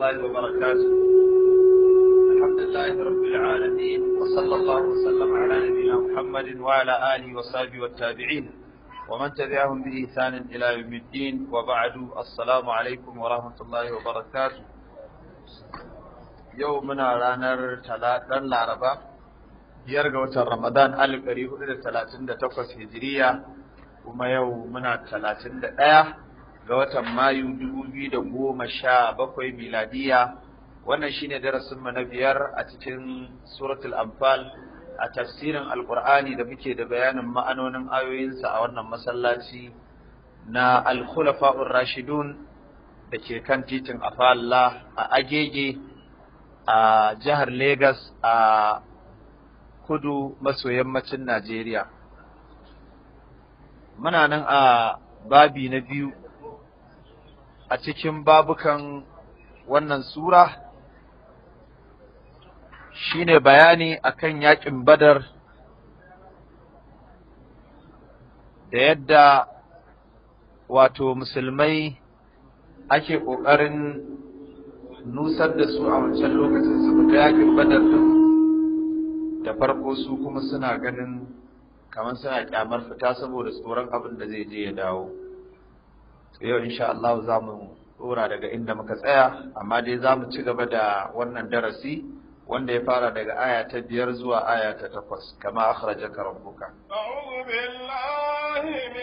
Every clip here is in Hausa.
الله وبركاته الحمد لله رب العالمين وصلى الله وسلم على نبينا محمد وعلى آله وصحبه والتابعين ومن تبعهم بإحسان إلى يوم الدين وبعد السلام عليكم ورحمة الله وبركاته يومنا رانر ثلاثة لاربا biyar ga watan Ramadan alif ɗari hudu da talatin da takwas hijiriya kuma yau muna talatin da ɗaya ga watan Mayu da goma sha bakwai miladiya wannan shine darasin mu na biyar a cikin suratul anfal a tafsirin alqur'ani da muke da bayanin ma'anonin ayoyinsa a wannan masallaci na al-khulafa'ur rashidun da ke kan titin afalla a agege a jihar Legas a kudu maso yammacin Najeriya muna nan a babi na biyu a cikin babukan wannan sura shine bayani akan yakin badar da yadda wato musulmai ake ƙoƙarin nusar da su a wancan lokacin su fita yakin badar da farko su kuma suna ganin kamar suna kyamar fita saboda tsoron abin da zai je ya dawo yau insha Allah za mu dora daga inda muka tsaya amma dai za mu ci gaba da wannan darasi wanda ya fara daga aya ta biyar zuwa aya ta takwas kama akhrajaka rabbuka a'udhu billahi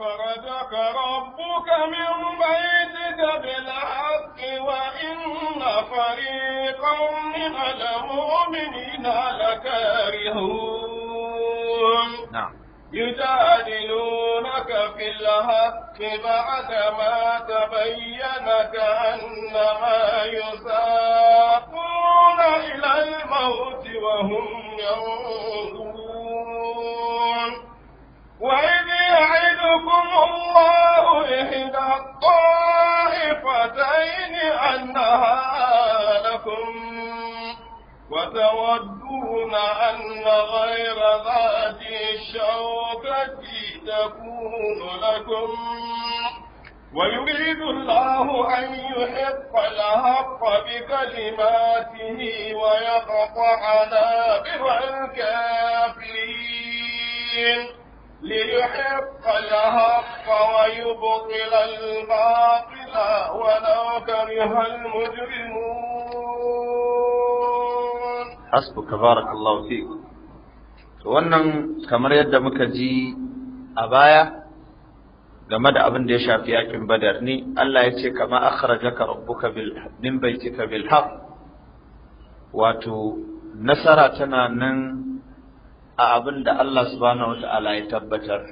أخرجك ربك من بيتك بالحق وإن فريقا من المؤمنين لكارهون نعم يجادلونك في الحق بعدما تبين كأنما يساقون إلى الموت وهم ينظرون وإذ يعدكم الله إحدى الطائفتين أنها لكم وتودون أن غير ذات الشوكة تكون لكم ويريد الله أن يحق الحق بكلماته ويقطع دابر الكافرين ليحق الحق ويبطل الباطل ولو كره المجرمون حسبك بارك الله فيك wannan kamar yadda muka ji a baya game da abin da ya shafi yakin badar ni Allah ya ce kama akhrajaka rabbuka bil min baitika bil haqq wato nasara tana nan a abin da Allah subhanahu ta'ala ya tabbatar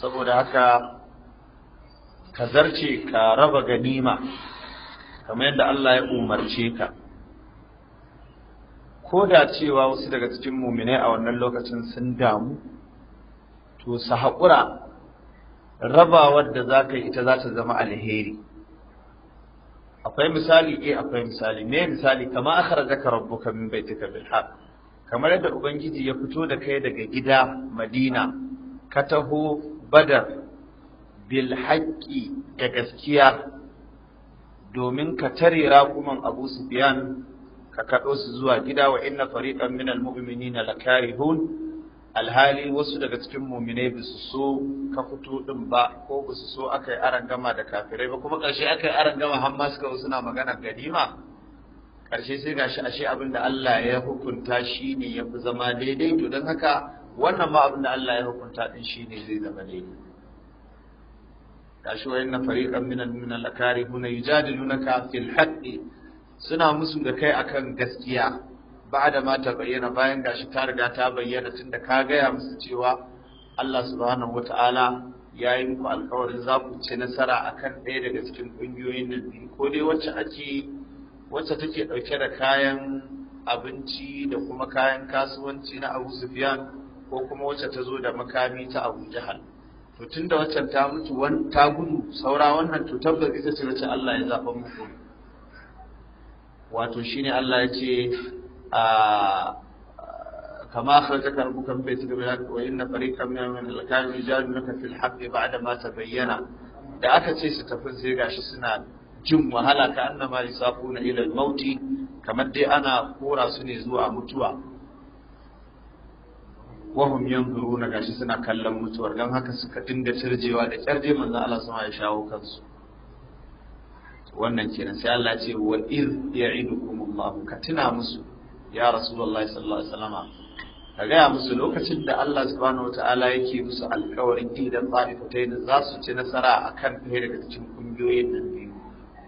saboda haka ka zarce ka raba ganima kamar yadda Allah ya umarce ka ko da cewa wasu daga cikin muminai a wannan lokacin sun damu to su haƙura rabawar da za ka ita za ta zama alheri akwai misali eh akwai misali me misali kama akhrajaka rabbuka min baitika bil haqq kamar yadda ubangiji ya fito da kai daga gida madina ka taho badar bil haqqi da gaskiya domin ka tare raƙuman abu sufyan ka kaɗo su zuwa gida wa inna fariqan min na lakarihun alhali wasu daga cikin muminai ba su so ka fito ɗin ba ko ba su so aka yi aran gama da kafirai ba kuma ƙarshe aka yi aran gama har ma suka suna magana ganima ƙarshe sai gashi ashe abin da Allah ya hukunta shi ne ya fi zama daidai to don haka wannan ma abin da Allah ya hukunta din shi ne zai zama daidai Ƙashi wayan na lakari muna yi jadi nuna kafin haɗe suna musu da kai akan gaskiya ba da ma ta bayyana bayan gashi ta riga ta bayyana tunda ka gaya musu cewa Allah subhanahu ta'ala ya yi muku alkawarin za ku ci nasara akan ɗaya daga cikin ƙungiyoyin nan ko dai wacce ake wacce take ɗauke da kayan abinci da kuma kayan kasuwanci na abu sufyan ko kuma wacce ta zo da makami ta abu jahal to tunda waccan ta mutu ta gudu saura wannan to tabbas ita ce wacce Allah ya zaɓa muku wato shine Allah ya ce a كما أخرجك ربك من بيتك بالحق وإن فريقا na kafin يجادلون ba الحق بعد ta bayyana. da aka ce su tafi sai gashi suna jin wahala ka annama sabu na ilal mauti kamar dai ana kora su ne zuwa mutuwa wahum na gashi suna kallon mutuwar dan haka suka dinda cirjewa da kyarje manzo Allah sama ya shawo kansu wannan kenan sai Allah ce wa iz Allah ka tuna musu ya rasulullahi sallallahu alaihi wasallama ka gaya musu lokacin da Allah subhanahu wata'ala yake musu alkawarin idan ta'ifatayn za su ci nasara akan ɗaya daga cikin kungiyoyin nan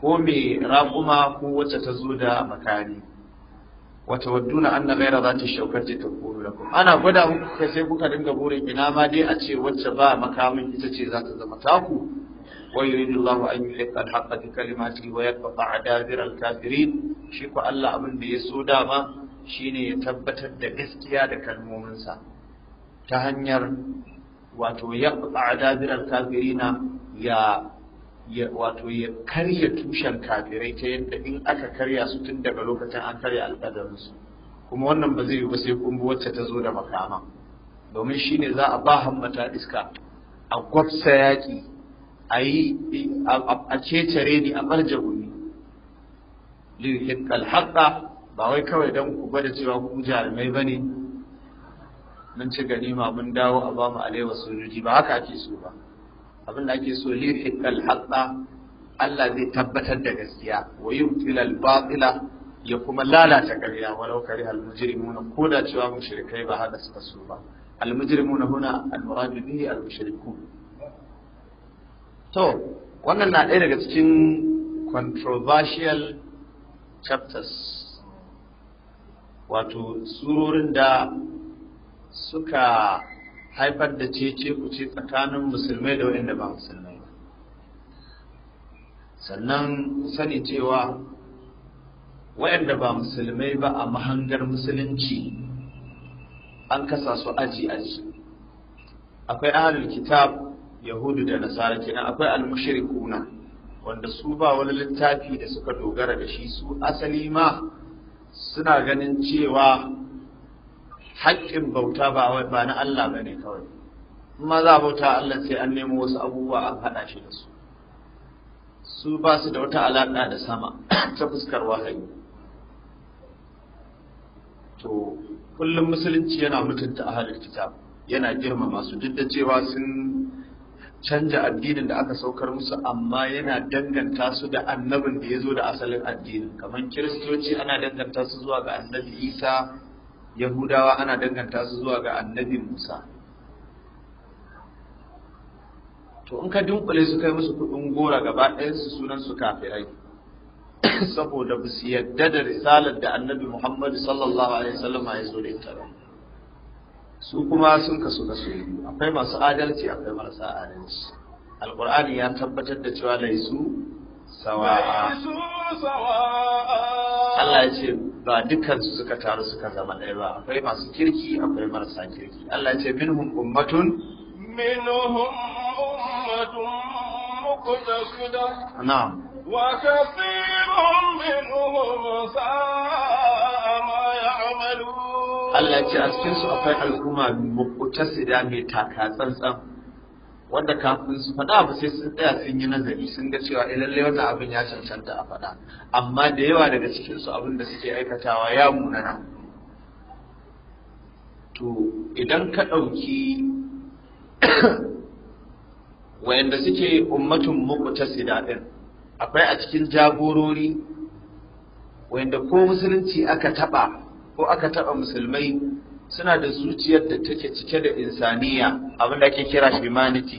ko mai raƙuma ko wacce ta zo da makani wata wadduna an na gaira za ta shaukar ta ana gwada muku kai sai kuka dinga burin ina ma dai a ce wacce ba makamin ita ce za ta zama taku wa yuridu Allahu an yulqa al-haqqa bi kalimatihi wa yaqta adabira al-kafirin shi ko Allah abin da ya so dama shine ya tabbatar da gaskiya da kalmominsa ta hanyar wato yaqta adabira al-kafirina ya wato ya karya tushen kafirai ta yadda in aka karya su tun daga lokacin an karya alƙadarinsu kuma wannan ba zai yi ba sai kun wacce ta zo da makama domin shine za a ba hammata iska a gwabsa yaƙi a yi a cecere ni a ɓarje gumi Lihikal alhaƙa ba wai kawai don ku gwada cewa ku jarumai ba ne mun ci ganima mun dawo a ba mu alewa sojoji ba haka ake so ba abin da ake so lihiqal haqqo Allah zai tabbatar da gaskiya wa yubtilal batila ya kuma lalata ƙarya walau kari almujrimuna ko da cewa mushrikai ba hada suka so ba almujrimuna huna almurad bihi almushrikun to wannan na ɗaya daga cikin controversial chapters wato surorin da suka haifar da cece kuce tsakanin musulmai da waɗanda ba musulmai ba sannan sani cewa wayanda ba musulmai ba a mahangar musulunci an kasa su aji aji akwai ahlul kitab yahudu da nasara kenan akwai almushrikuna wanda su ba wani littafi da suka dogara da shi su asali ma suna ganin cewa haƙƙin bauta ba wai ba na Allah ba ne kawai amma za bauta Allah sai an nemo wasu abubuwa an haɗa shi da su su ba su da wata alaƙa da sama ta fuskar wahayi to kullum musulunci yana mutunta ahalin kitab yana girmama su duk da cewa sun canja addinin da aka saukar musu amma yana danganta su da annabin da ya zo da asalin addinin kamar kiristoci ana danganta su zuwa ga annabi isa yahudawa ana danganta su zuwa ga annabi musa to in ka dunkule su kai musu kudin gora gaba su sunan su kafirai saboda ba su yadda da risalar da annabi muhammadu sallallahu alaihi wasallam ya zo da ita su kuma sun kasu kasu biyu akwai masu adalci akwai marasa adalci Al-Qur'ani ya tabbatar da cewa laisu sawa'a Allah ya ce ba dukansu suka taru suka zama ɗaya ba akwai masu kirki akwai marasa kirki Allah ce minhum ummatun minhum ummatun muqtasida na'am wa kathirun minhum sa'a ma ya'malun Allah ce a cikin su akwai al'umma muqtasida mai taka tsantsan wanda kafin su faɗa ba sai sun tsaya sun yi nazari sun ga cewa eh lallai wannan abin ya cancanta a faɗa amma da yawa daga cikin su abin da suke aikatawa ya munana to idan ka ɗauki wayanda suke ummatun muqtasida din akwai a cikin jagorori wayanda ko musulunci aka taba ko aka taɓa musulmai suna da zuciyar da take cike da insaniya abin da ake kira humanity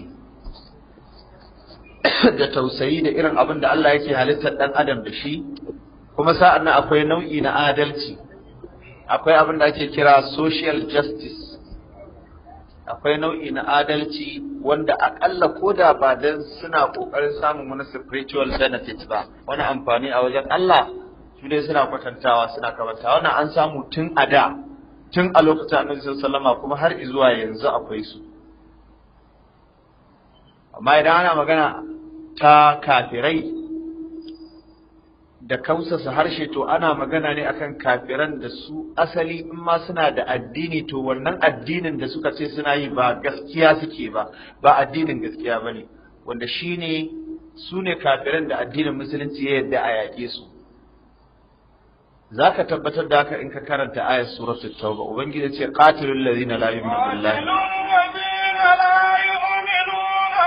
da tausayi da irin abin da Allah yake halittar dan adam da shi kuma sa'an nan akwai nau'i na adalci akwai abin da ake kira social justice akwai nau'i na adalci wanda aƙalla ko da ba dan suna ƙoƙarin samun wani spiritual benefit ba wani amfani a wajen Allah su dai suna kwatantawa suna kamanta wannan an samu tun a da tun a lokacin annabi sallama kuma har zuwa yanzu akwai su amma idan ana magana ta kafirai da kausasa harshe to ana magana ne akan kafiran da su asali in ma suna da addini to wannan addinin da suka ce suna yi ba gaskiya suke ba ba addinin gaskiya bane. wanda shi ne su ne kafiran da addinin musulunci ya yarda a yaƙe su za ka tabbatar da haka in ka karanta ayar suratul tauba ubangiji ce qatilul ladina la yu'minuna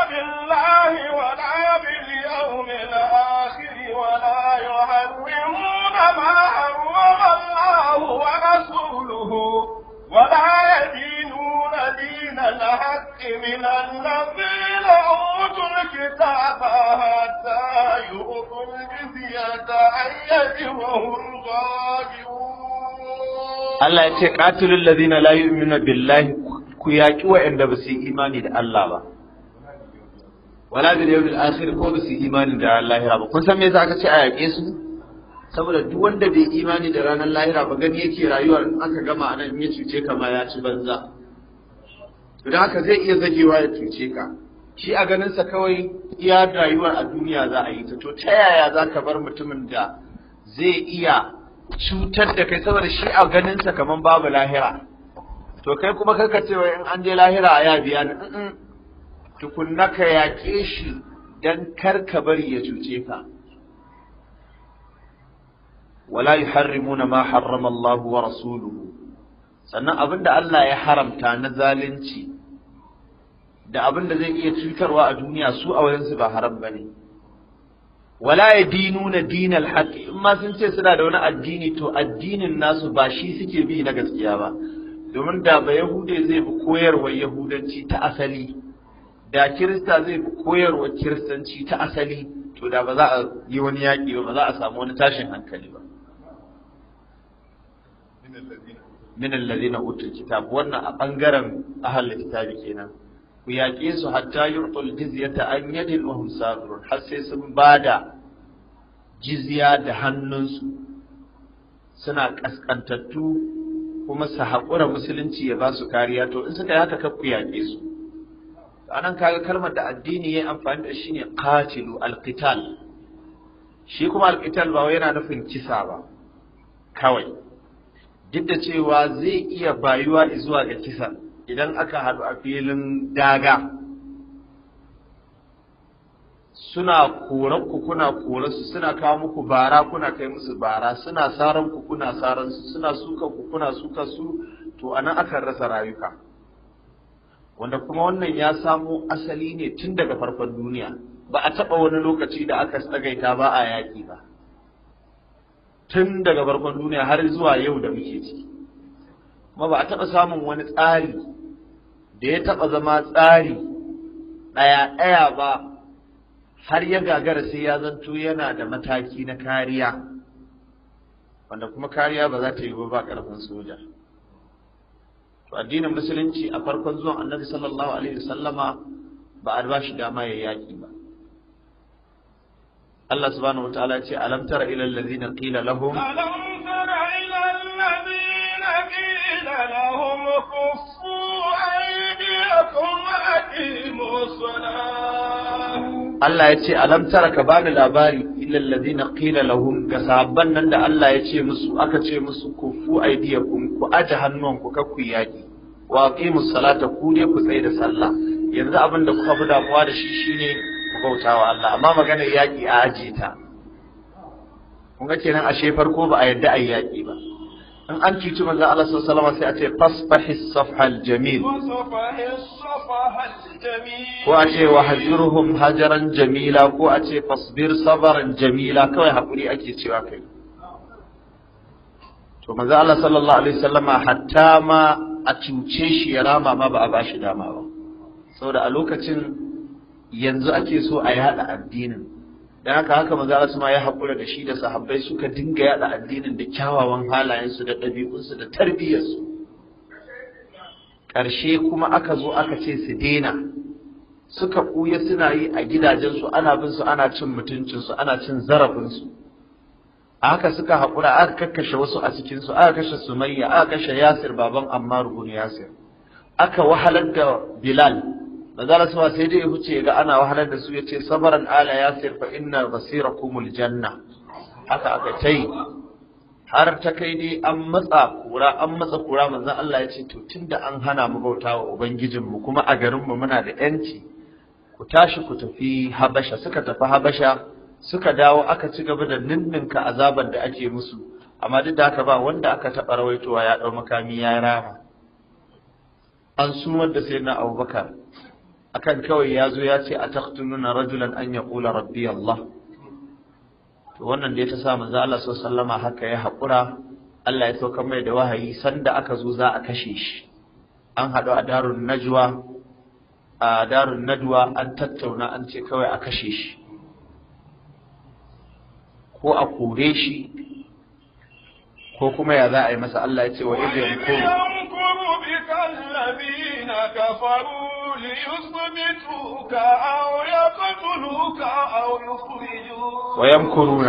billahi wala bil yawmil akhir wala yuharrimuna ma harrama Allah wa rasuluhu ولا يدينون دين الحق من الذين أوتوا الكتاب حتى يؤتوا الجزية عن يد وهم صاغرون ku ba su yi imani da Allah ba wala bil yawmil akhir ko ba su yi imani da lahira ba kun san me yasa aka ce a yaƙe su saboda duk wanda bai imani da ranar lahira ba gani yake rayuwar in aka gama anan in ya cuce ka ma ya ci banza to da haka zai iya zagewa ya cuce ka shi a ganinsa kawai iya rayuwar a duniya za a yi ta to ta yaya za ka bar mutumin da zai iya cutar da kai saboda shi a ganinsa kamar babu lahira to kai kuma ce wai in an je lahira a ya biya ni tukunna ka yaƙe shi dan kar ka bari ya cuce ka wala yuharrimuna ma harrama Allah wa rasuluhu sannan abinda Allah ya haramta na zalunci da abinda zai iya cutarwa a duniya su a wajensu ba haram bane wala yadinuna dinal haqqi in ma sun ce suna da wani addini to addinin nasu ba shi suke bi na gaskiya ba domin da ba yahude zai bi koyarwa yahudanci ta asali da kirista zai bi koyarwa kiristanci ta asali to da ba za a yi wani yaƙi ba ba za a samu wani tashin hankali ba min Ladina utul kitab wannan a bangaren ahlul kitabi kenan ku yaƙe su hatta yurtul jizyata an yadin wa hum sabirun har sai sun bada jizya da hannunsu suna kaskantattu kuma su haƙura musulunci ya ba su kariya to in suka yi haka ku yaƙe su anan kaga kalmar da addini ya amfani da shi ne qatilu alqital shi kuma alqital ba wai yana nufin kisa ba kawai duk da cewa zai iya bayuwa zuwa ga kisa idan aka haɗu a filin daga suna ku kuna koransu suna kawo muku bara kuna kai musu bara suna saranku kuna saransu suna sukanku kuna sukansu to anan akan rasa rayuka wanda kuma wannan ya samo asali ne tun daga farkon duniya ba a taɓa wani lokaci da aka tsagaita ba a yaƙi ba tun daga barkon duniya har zuwa yau da muke ciki kuma ba a taɓa samun wani tsari da ya taɓa zama tsari ɗaya ɗaya ba har ya gagara sai ya zanto yana da mataki na kariya wanda kuma kariya ba za ta yi ba ƙarfin soja to addinin musulunci a farkon zuwan annabi sallallahu alaihi wasallama ba a ba shi dama ya yaƙi ba Allah subhanahu wataala ce alam tara ila allazina qila lahum alam tara ila allazina qila lahum kuffu aydiyakum Allah ya ce alam tara ka bani labari ila allazina qila lahum ga sahabban nan da Allah ya ce musu aka ce musu kuffu aydiyakum ku aje hannuwanku ka ku yaki wa aqimus salata ku ne ku tsaye da sallah yanzu abin da kuka fi damuwa da shi shine ku bauta wa Allah amma maganar yaƙi a aji ta kun ga kenan ashe farko ba a yadda a yaƙi ba in an cuci manzon Allah sallallahu alaihi wasallam sai a ce safhal jamil ko a ce wa hajaran jamila ko a ce fasbir sabaran jamila kawai hakuri ake cewa kai to manzon Allah sallallahu alaihi wasallama hatta ma a cuce shi ya rama ma ba a bashi dama ba saboda a lokacin yanzu ake so a yada addinin dan haka haka maza wasu ma ya haƙura da shi da sahabbai suka dinga yada addinin da kyawawan halayensu da ɗabi'unsu da tarbiyyarsu ƙarshe kuma aka zo aka ce su daina suka ɓuya suna yi a gidajensu ana bin su ana cin mutuncinsu ana cin zarafinsu a haka suka haƙura aka kakkashe wasu a cikinsu aka kashe sumayya aka kashe yasir baban ammar bin yasir aka wahalar da bilal manzala sama sai dai ya huce ga ana wahalar da su yace ce sabaran ala ya sayar fa inna kumul janna haka aka tai har ta kai dai an matsa kura an matsa kura manzo Allah ya ce to tunda an hana mu bauta wa ubangijin mu kuma a garin mu muna da yanci ku tashi ku tafi habasha suka tafi habasha suka dawo aka ci gaba da ninninka azabar da ake musu amma duk da haka ba wanda aka taɓa rawaitowa ya ɗau makami ya rama an sumar da sayyidina Abubakar akan kawai ya zo ya ce a taktununa rajulan an ya kula rabbi Allah to wannan da ya ta sa manzo Allah sallama haka ya haƙura Allah ya saukar mai da wahayi sanda aka zo za a kashe shi an haɗu a darun najwa a darun nadwa an tattauna an ce kawai a kashe shi ko a kore shi ko kuma ya za a yi masa Allah ya ce wa idan kuru ليثبتوك أو يقتلوك أو يخرجوك ويمكرون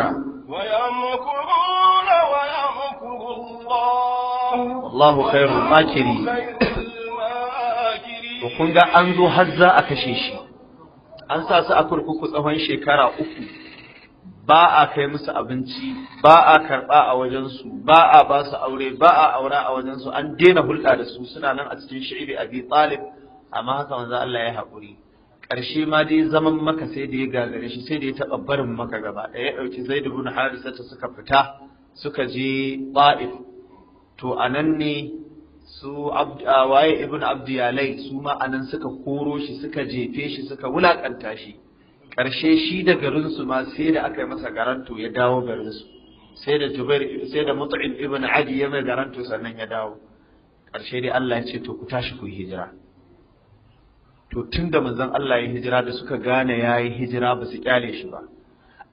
ويمكرون kun ga an zo har za a kashe shi an sa su a kurkuku tsawon shekara uku ba a kai musu abinci ba a karɓa a wajensu ba a basu aure ba a aura a wajensu an daina hulɗa da su suna nan a cikin sha'iri abi talib amma haka wanzu Allah ya haƙuri ƙarshe ma dai zaman maka sai da ya gagare shi sai da ya taɓa barin maka gaba ɗaya ya ɗauki zaid da bin ta suka fita suka je ba'if to a nan ne su waye ibn abdiyalai su ma a nan suka koro shi suka jefe shi suka wulaƙanta shi ƙarshe shi da garinsu ma sai da aka yi masa garanto ya dawo garinsu sai da jubair sai da mut'im ibn adi ya mai garanto sannan ya dawo ƙarshe dai Allah ya ce to ku tashi ku hijira to tun da manzon Allah ya hijira da suka gane ya yi hijira ba su kyale shi ba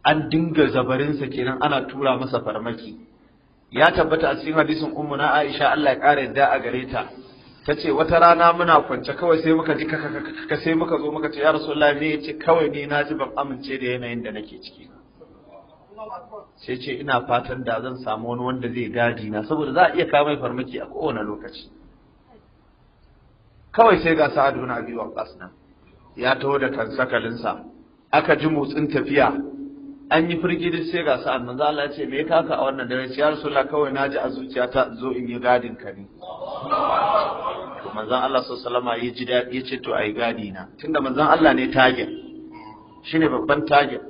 an dinga zabarinsa kenan ana tura masa farmaki ya tabbata a cikin hadisin ummu na Aisha Allah ya kare yadda a gare ta ta ce wata rana muna kwance kawai sai muka ji ka sai muka zo muka ce ya rasulullahi ne yace kawai ne na ji ban amince da yanayin da nake ciki sai ce ina fatan da zan samu wani wanda zai gadi na saboda za a iya kawo mai farmaki a kowane lokaci kawai sai ga sa'adu na biyu waqas nan ya taho da tansakalinsa aka ji motsin tafiya an yi firgidi sai ga sa'ad manzo Allah ya ce me ka a wannan dare ya rasulullah kawai naji a zuciyata in zo in yi gadin ka ne to manzo Allah sallallahu alaihi ya ji dadi ya ce to ai gadi na tunda manzo Allah ne target shine babban target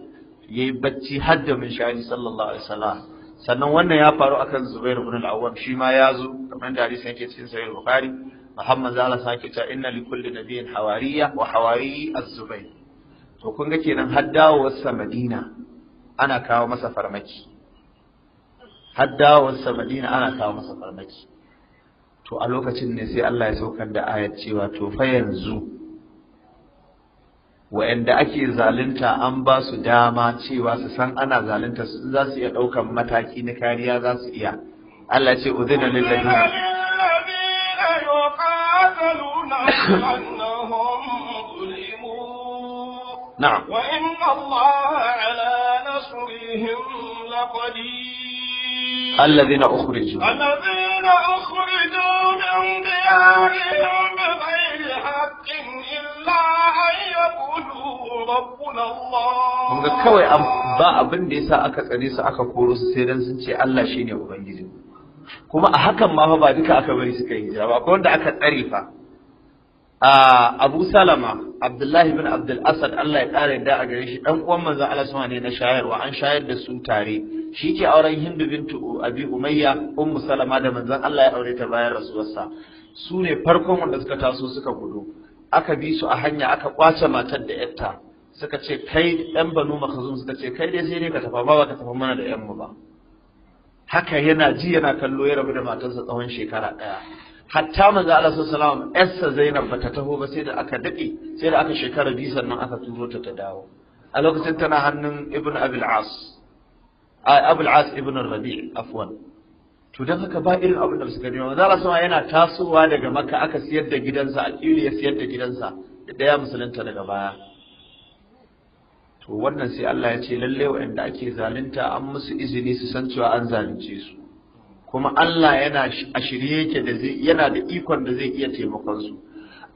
yayi bacci har da minshari sallallahu alaihi wasallam sannan wannan ya faru akan Zubair ibn al-Awwam shi ma ya zo kamar da hadisi yake cikin sahih Bukhari Muhammad zala sake ta inna li kulli nabiyyin hawariya wa hawari az-zubayr to kun ga kenan haddawa wasa Madina ana kawo masa farmaki Haddawa wasa Madina ana kawo masa farmaki to a lokacin ne sai Allah ya saukar da ayat cewa to fa yanzu wa'anda ake zalunta an ba su dama cewa su san ana zalunta su za su iya ɗaukan mataki na kariya za su iya Allah ce udhina lil ladina يقاتلون أنهم ظلموا نعم وإن الله على نصرهم لقدير الذين أخرجوا الذين أخرجوا من ديارهم بغير حق إلا أن يقولوا ربنا الله. Kun ga kawai ba abin da yasa aka tsare su aka koro su sai dan sun ce Allah shine ubangijinmu. kuma a hakan ma fa ba duka aka bari suka yi hijira ba akwai wanda aka tsare fa Abu Salama Abdullahi bin Abdul Asad Allah ya kare da a gare shi dan uwan manzon Allah sama ne na shayarwa an shayar da su tare shi ke auren Hindu bintu Abi Umayya Ummu Salama da manzon Allah ya aure ta bayan rasuwarsa su ne farkon wanda suka taso suka gudu aka bi su a hanya aka kwace matar da yarta suka ce kai yan banu makhazum suka ce kai dai sai ne ka tafa ba ka tafa mana da yan mu ba haka yana ji yana kallo ya rabu da matarsa tsawon shekara ɗaya hatta manzo Allah sallallahu alaihi wasallam Zainab bata taho ba sai da aka dade sai da aka shekara biyu sannan aka turo ta ta dawo a lokacin tana hannun Ibn Abil As Abul As Ibn Rabi' afwan to dan haka ba irin abin da suka nemi manzo Allah sallallahu yana tasowa daga Makka aka siyar da gidansa a ya siyar da gidansa da daya musulunta daga baya to wannan sai Allah ya ce lalle waɗanda ake zalunta an musu izini su san cewa an zalunce su kuma Allah yana a shirye yake da zai yana da ikon da zai iya taimakon su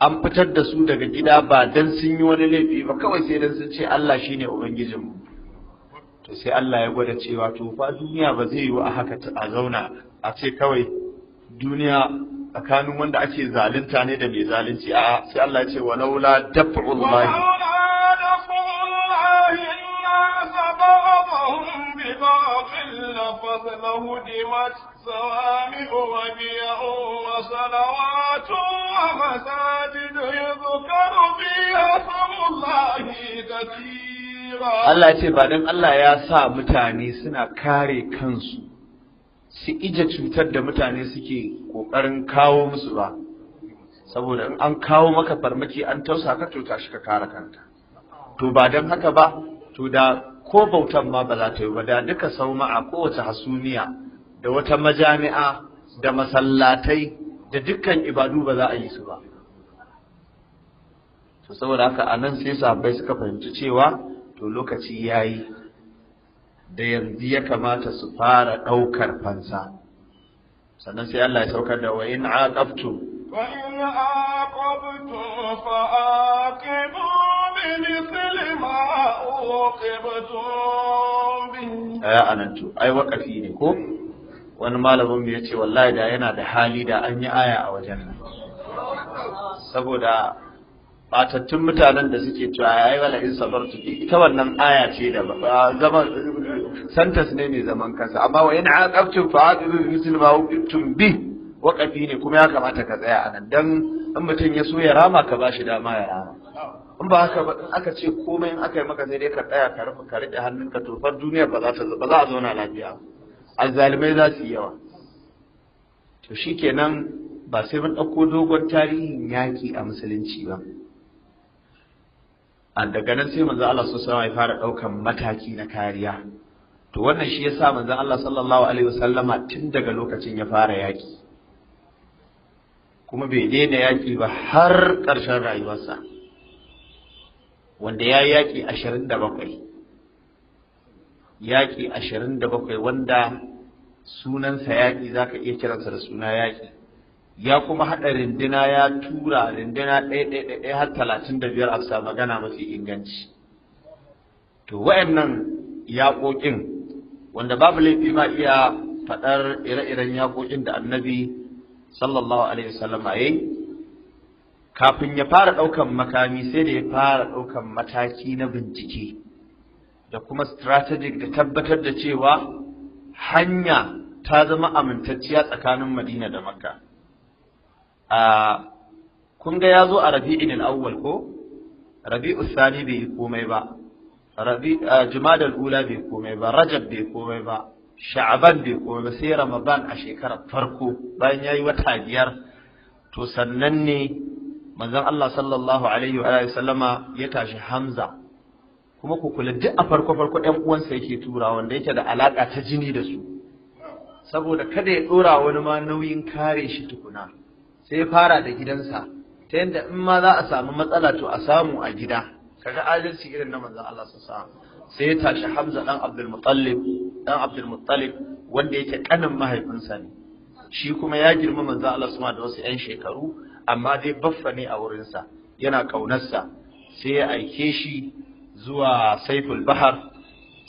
an fitar da su daga gida ba dan sun yi wani laifi ba kawai sai dan sun ce Allah shine ubangijin mu to sai Allah ya gwada cewa to fa duniya ba zai yi a haka ta a zauna a ce kawai duniya tsakanin wanda ake zalunta ne da mai zalunci a sai Allah ya ce walaula daf'ul اللهم بباق فضل لهدمت صوامع وبيع وصلوات ومساجد يذكر فيها اسم الله كثيرا Allah ce ba don Allah ya sa mutane suna kare kansu su ije cutar da mutane suke ƙoƙarin kawo musu ba saboda in an kawo maka farmaki an tausa ka to tashi ka kare kanta to ba don haka ba to da ko bautan ma ba za ta yi ba da duka a kowace hasumiya da wata majami'a da masallatai da dukkan ibadu ba za a yi su ba to saboda haka a nan sai sahabbai suka fahimci cewa to lokaci ya yi da yanzu ya kamata su fara ɗaukar fansa sannan sai Allah ya saukar da wa in aqabtum wa fa aqibu بمثل ما أوقبتم به يا أنتو أي wani malamin mu yace wallahi da yana da hali da an yi aya a wajen nan saboda batattun mutanen da suke cewa yayi wala in sabartu ita wannan aya ce da zaman santas ne mai zaman kansa amma wa in aqabtum fa aqibu bi misli ma uqibtum bi waqafi ne kuma ya kamata ka tsaya anan dan in mutum ya so ya rama ka bashi dama ya rama in ba haka ba in aka ce komai in aka yi maka sai dai ka tsaya ka rufe ka rike hannunka to far duniyar ba za ta ba za a zauna lafiya azzalimai za su yi yawa to shikenan ba sai mun ɗauko dogon tarihin yaki a musulunci ba a daga nan sai manzo Allah sallallahu alaihi ya fara ɗaukan mataki na kariya to wannan shi yasa manzo Allah sallallahu alaihi wasallama tun daga lokacin ya fara yaki kuma bai daina yaki ba har ƙarshen rayuwarsa wanda ya yaƙi ashirin da bakwai yaƙi ashirin da bakwai wanda sunansa yaƙi za ka iya kiransa da suna yaƙi ya kuma haɗa rindina ya tura rindina ɗaya ɗaya har talatin da biyar afsa magana mafi inganci to wa'annan yaƙoƙin wanda babu laifi ma iya faɗar ire-iren yaƙoƙin da annabi sallallahu alaihi wasallam yayi kafin ya fara ɗaukan makami sai da ya fara ɗaukan mataki na bincike da kuma strategic da tabbatar da cewa hanya ta zama amintacciya tsakanin madina da makka kun ga ya zo a rabi'in al'awwal ko rabi'u sani bai yi komai ba jumadal ula bai komai ba rajab bai komai ba sha'aban bai komai ba sai ramadan a shekarar farko bayan ya yi wata biyar to sannan ne manzon Allah sallallahu alaihi wa sallama ya tashi Hamza kuma ku kula duk a farko farko ɗan uwansa yake tura wanda yake da alaka ta jini da su saboda kada ya ɗora wani ma nauyin kare shi tukuna sai ya fara da gidansa ta yadda in ma za a samu matsala to a samu a gida kaga adalci irin na manzon Allah sallallahu alaihi sai ya tashi Hamza dan Abdul Muttalib dan Abdul Muttalib wanda yake kanin mahaifinsa ne shi kuma ya girma manzon Allah sallallahu alaihi da wasu 'yan shekaru amma dai baffa ne a wurinsa yana ƙaunarsa sai ya aike shi zuwa saiful bahar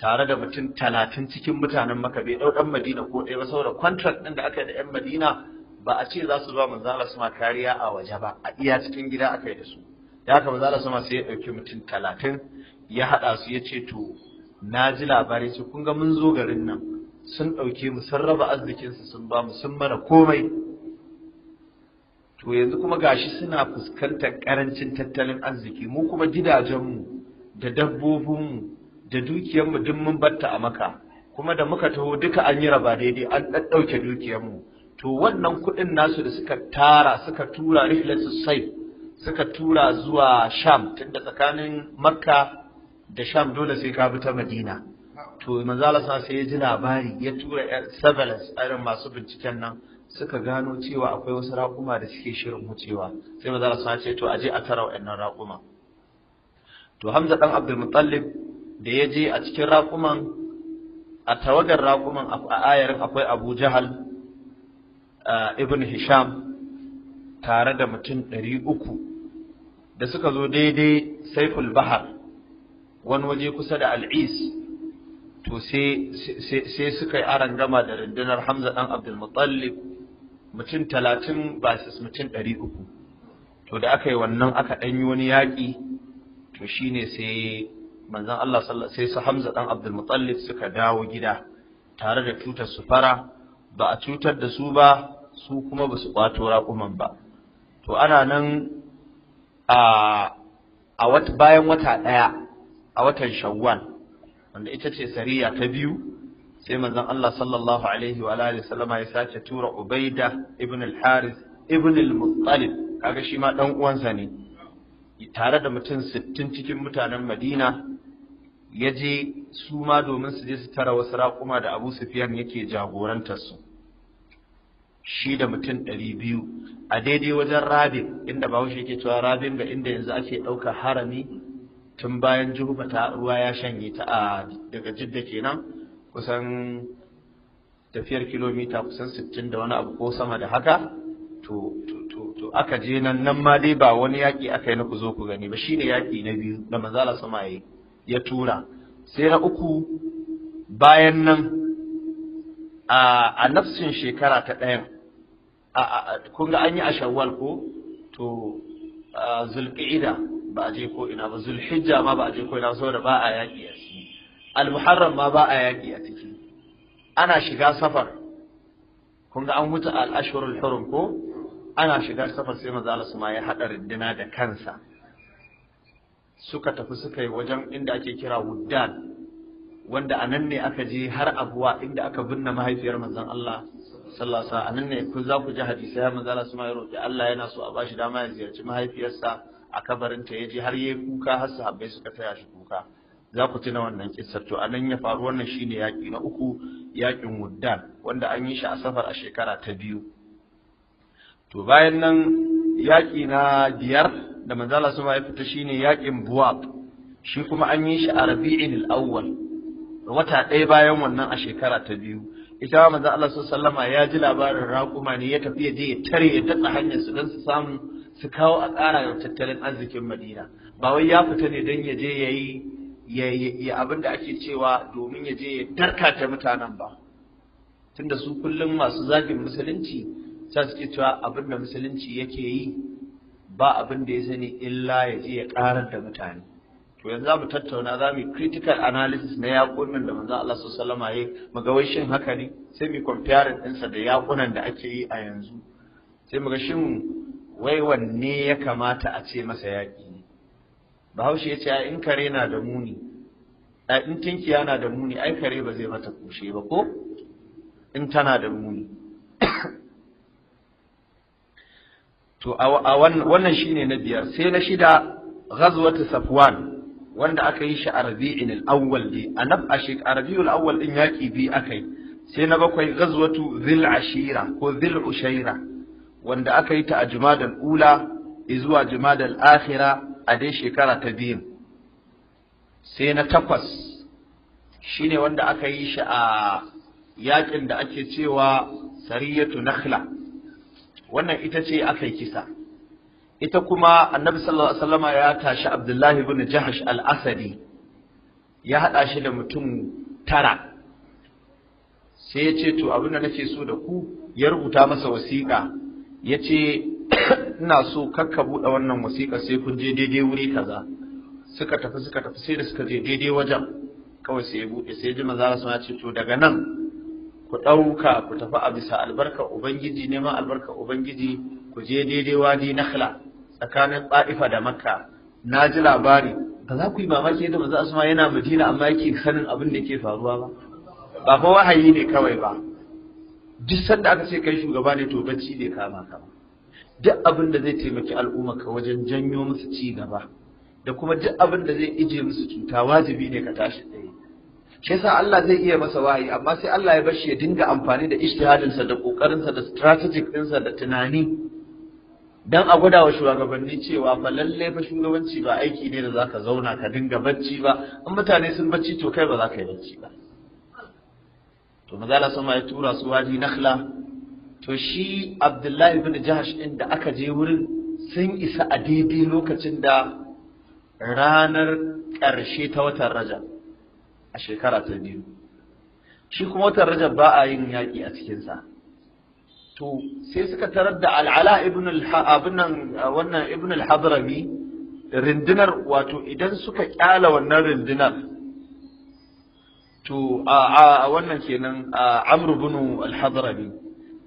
tare da mutum talatin cikin mutanen maka bai ɗau ɗan madina ko ɗaya ba saboda contract ɗin da aka yi da ‘yan madina ba a ce za su ba su ma kariya a waje ba a iya cikin gida aka yi da su da haka manzala suma sai ya ɗauki mutum talatin ya haɗa su ya ce to na ji labari su kun ga mun zo garin nan sun ɗauke mu sun raba arzikinsu sun ba mu sun mana komai to yanzu kuma gashi suna fuskantar karancin tattalin arziki mu kuma gidajenmu da dabbobinmu da dukiyarmu duk mun batta a maka kuma da muka taho duka an yi raba daidai an ɗauke dukiyarmu to wannan kuɗin nasu da suka tara suka tura rihlatu sai suka tura zuwa sham tunda tsakanin makka da sham dole sai ka bi ta madina to manzo Allah sai ya ji labari ya tura surveillance irin masu binciken nan suka gano cewa akwai wasu raƙuma da suke shirin wucewa sai maza rasu ce to aje a tara wa'annan raƙuma to hamza ɗan abdulmutallib da ya je a cikin raƙuman a tawagar raƙuman a ayarin akwai abu jahal ibn hisham tare da mutum ɗari uku da suka zo daidai saiful bahar wani waje kusa da al'is to sai suka yi aron gama da rundunar hamza ɗan abdulmutallib mutum talatin versus mutum ɗari uku to da aka yi wannan aka ɗan yi wani yaƙi to shi ne sai manzon Allah sai su Hamza ɗan Abdul suka dawo gida tare da cutar su fara ba a cutar da su ba su kuma ba su ƙwato raƙuman ba to ana nan a a bayan wata ɗaya a watan shawwal wanda ita ce sariya ta biyu sai manzon Allah sallallahu alaihi wa alihi sallama ya sace tura Ubaida ibn al-Harith ibn al-Muttalib kaga shi ma dan uwansa ne tare da mutum 60 cikin mutanen Madina ya je su ma domin su je su tara wasu raƙuma da Abu Sufyan yake jagorantar su shi da mutum ɗari a daidai wajen rabin inda bahaushe yake cewa rabin ga inda yanzu ake ɗauka harami tun bayan juhuba ruwa ya shanye ta a daga jidda kenan kusan tafiyar kilomita kusan sittin da wani abu ko sama da haka to to aka je nan nan ma dai ba wani yaƙi aka yi na ku zo ku gani ba shine yaƙi na biyu da manzala sama ya ya tura sai na uku bayan nan a nafsin shekara ta ɗayan a, kun ga an yi a shawwal ko to zulqa'ida ba a je ko ina ba zulhijja ma ba a je ko ina saboda ba a yaƙi a shi al-muharram ma ba a yaƙi a ciki ana shiga safar kun ga an wuce al-ashhurul hurum ko ana shiga safar sai manzo Allah ma ya hada rindina da kansa suka tafi suka yi wajen inda ake kira Wuddan wanda a nan ne aka je har abuwa inda aka binne mahaifiyar manzon Allah sallallahu alaihi wasallam ne kun za ku ji hadisi ya manzon Allah ya roki Allah yana so a bashi dama ya ziyarci mahaifiyarsa a kabarinta ya je har yi kuka har sahabbai suka taya shi kuka za ku tuna wannan kissar to anan ya faru wannan shine yaki na uku yakin Wuddan wanda an yi shi a safar a shekara ta biyu to bayan nan yaki na biyar da manzala su ya fita shine yakin Buwab shi kuma an yi shi a Rabi'il awwal wata ɗaya bayan wannan a shekara ta biyu ita ma manzo Allah sallama ya ji labarin raƙuma ne ya tafi ya je ya tare ya datsa hanyar su don su samu su kawo a ƙara tattalin arzikin Madina ba wai ya fita ne don ya je ya yi ya abin da ake cewa domin ya je ya tarka ta mutanen ba tunda su kullum masu zagin musulunci ta suke cewa abin da musulunci yake yi ba abin da ya sani illa ya je ya karar da mutane to yanzu za mu tattauna za mu yi critical analysis na yakunan da manzo Allah sallallahu alaihi wasallam mu ga wai shin haka ne sai mu comparing ɗinsa da yakunan da ake yi a yanzu sai mu ga shin wai wanne ya kamata a ce masa yaki. bahaushe ya ce in kare na da muni in tinkiya na da muni ai kare ba zai mata kushe ba ko in tana da muni to a wannan shine na biyar sai na shida ghazwatu safwan wanda aka yi shi a rabi'in al-awwal ne a nab a shek a rabi'ul awwal din yaki bi akai sai na bakwai ghazwatu dhil ashira ko dhil ushaira wanda aka yi ta a jumadal ula zuwa jumadal akhira a dai shekara ta biyu sai na takwas shine wanda aka yi shi a yakin da ake cewa sariyatu nakhla wannan ita ce aka yi kisa ita kuma annabi sallallahu alaihi wasallama ya tashi abdullahi ibn jahash al-asadi ya haɗa shi da mutum tara sai ya ce to abin da nake so da ku ya rubuta masa wasiƙa ya ce ina so kakka buɗe wannan wasiƙa sai kun je daidai wuri kaza suka tafi suka tafi sai da suka je daidai wajen kawai sai ya buɗe sai jima za su ce to daga nan ku ɗauka ku tafi a bisa albarka ubangiji neman albarka ubangiji ku je daidai wadi nakhla tsakanin ba'ifa da makka na ji labari ba za ku yi mamaki yadda manzo yana madina amma yake sanin abin da ke faruwa ba ba wahayi ne kawai ba duk sanda aka ce kai shugaba ne to bacci ne kama kama duk abin da zai taimaki al'umma ka wajen janyo musu ci gaba da kuma duk abin da zai ije musu cuta wajibi ne ka tashi tsaye shi yasa Allah zai iya masa wahayi amma sai Allah ya bashi ya dinga amfani da ijtihadin sa da kokarin sa da strategic din sa da tunani dan a gwada wa shugabanni cewa ba lalle fa shugabanci ba aiki ne da zaka zauna ka dinga bacci ba in mutane sun bacci to kai ba za ka yi bacci ba to maza Allah sama ya tura su waji nakhla to shi abdullahi bin jahash ɗin da aka je wurin sun isa a daidai lokacin da ranar ƙarshe ta watan rajab a shekara ta biyu shi kuma watan rajab ba a yin yaƙi a cikinsa to sai suka tarar da al'ala ibn wannan ibn al-hadrami rindinar wato idan suka kyala wannan rindinar to a wannan kenan amru ibn al-hadrami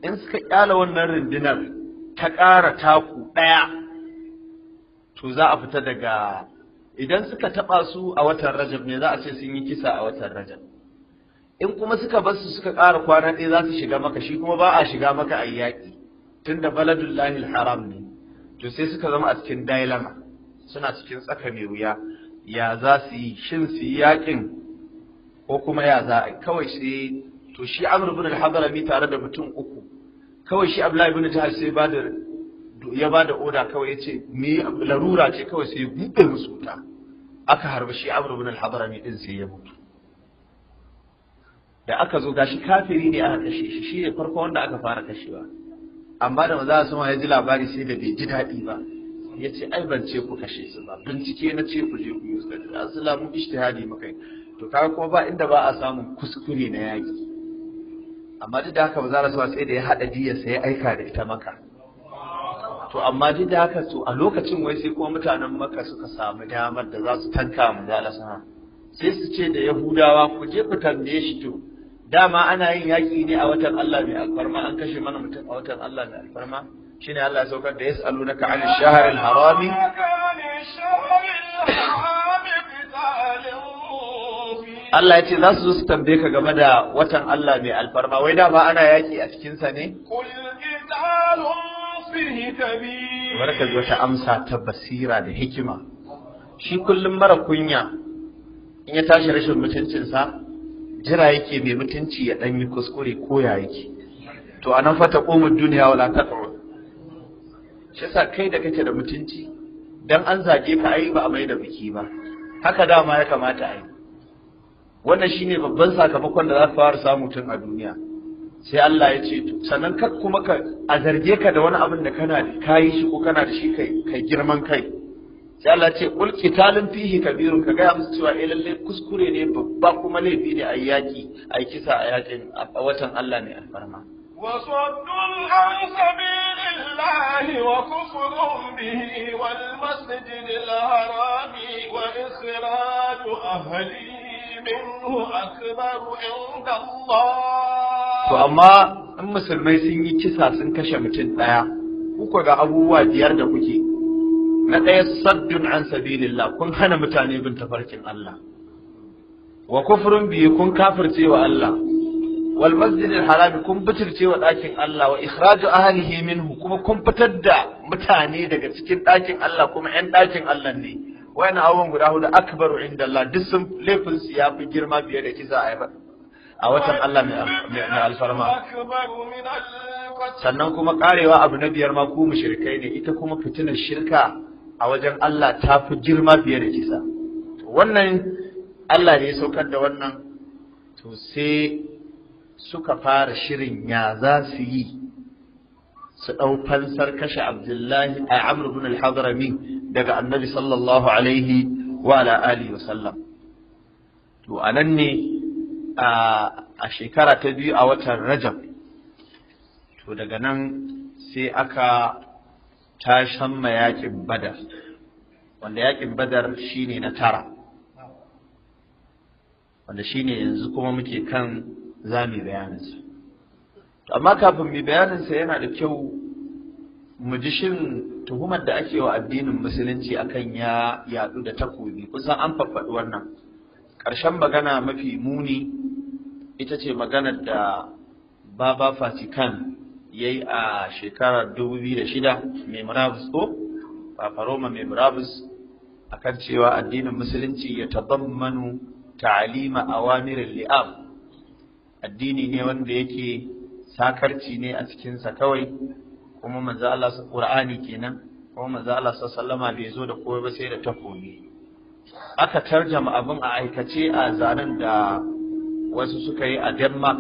in suka kyala wannan rundunar ta ƙara taku ɗaya to za a fita daga idan suka taɓa su a watan rajab ne za a ce sun yi kisa a watan rajab in kuma suka bar su suka ƙara kwana ɗaya za su shiga maka shi kuma ba a shiga maka a yaƙi tun da baladullahi haram ne to sai suka zama a cikin dailama suna cikin tsaka mai wuya ya za su yi shin su yi yaƙin ko kuma ya za a kawai sai to shi amr ibn al-hadrami tare da mutum uku kawai shi abdullahi ibn jahal sai ba da ya ba da oda kawai yace me larura ce kawai sai buɗe musu ta aka harba shi amr ibn al-hadrami din sai ya mutu da aka zo gashi kafiri ne aka kashe shi shi ne farko wanda aka fara kashewa amma da maza sama ya ji labari sai da bai ji daɗi ba ya ce ai ban ce ku kashe su ba bincike na ce ku je ku yi su da asila mu ishtihadi kai. to kaga kuma ba inda ba a samun kuskure na yaƙi amma duk da haka a Allah sai da ya haɗa jiya sai ya aika da ita maka to amma duk da haka su a lokacin wai sai kuma mutanen maka suka samu damar da za su tanka mu da Allah sai su ce da yahudawa ku je ku tambaye shi to dama ana yin yaƙi ne a watan Allah mai alfarma an kashe mana mutum a watan Allah mai alfarma shine Allah ya saukar da yas'alunaka 'anil shahril harami Allah ya ce za su zo su tambaye ka game da watan Allah mai alfarma wai dama ana yaki a cikinsa ne? Barka ji wata amsa ta basira da hikima. Shi kullum mara kunya in ya tashi rashin mutuncinsa jira yake mai mutunci ya ɗan yi kuskure ko ya yake. To anan fata ƙomin duniya wala ta Shi sa kai da kake da mutunci dan an zage ka ai ba a mai da biki ba. Haka dama ya kamata a wannan shine babban sakamakon da za ka fara samu tun a duniya sai Allah ya ce sannan ka kuma ka a zarge ka da wani abin da kana da kayi shi ko kana da shi kai kai girman kai sai Allah ya ce kul qitalun fihi kabirun ka ga musu cewa eh lalle kuskure ne babba kuma laifi ne a yaki a kisa a yakin a watan Allah ne alfarma وصد عن سبيل الله وكفر به والمسجد الحرام وإخراج أهله in musulmai sun yi kisa sun kashe mutum ɗaya kuka ga abubuwa biyar da kuke na ɗaya saddun an sabilillah kun hana mutane bin tafarkin Allah wa kufurin biyu kun kafirce wa Allah wal masjid al haram kun bitirce wa ɗakin Allah wa ikhraju ahlihi minhu kuma kun fitar da mutane daga cikin ɗakin Allah kuma ƴan ɗakin Allah ne wayannan abubuwan guda hudu akbaru inda Allah duk sun laifin su ya fi girma fiye da kisa a a watan Allah mai alfarma sannan kuma karewa abu na biyar ma ku mushrikai ne ita kuma fitinar shirka a wajen Allah ta fi girma fiye da kisa wannan Allah ne ya saukar da wannan to sai suka fara shirin ya za su yi su ɗau fansar kashe Abdullahi a al-Hadrami daga Annabi sallallahu alaihi wa wasallam to anan ne a shekara ta biyu a watan Rajab to daga nan sai aka tashan ma yaƙin Badar wanda yaƙin Badar shine na tara wanda shine yanzu kuma muke kan za mu yi bayaninsa amma kafin mu yi bayaninsa yana da kyau mu ji shin tuhumar da ake wa addinin musulunci akan ya yaɗu da takobi kusan an faffaɗi wannan ƙarshen magana mafi muni ita ce maganar da baba fatikan ya yi a shekarar 2006 mai murabus ko Roma mai murabus akan cewa addinin musulunci ya manu ta'alima awamirin li'ab addini ne wanda yake sakarci ne a cikinsa kawai kuma manzo Allah Qur'ani kenan kuma manzo Allah sallama bai zo da kowa ba sai da takobi aka tarjama abin a aikace a zanen da wasu suka yi a Denmark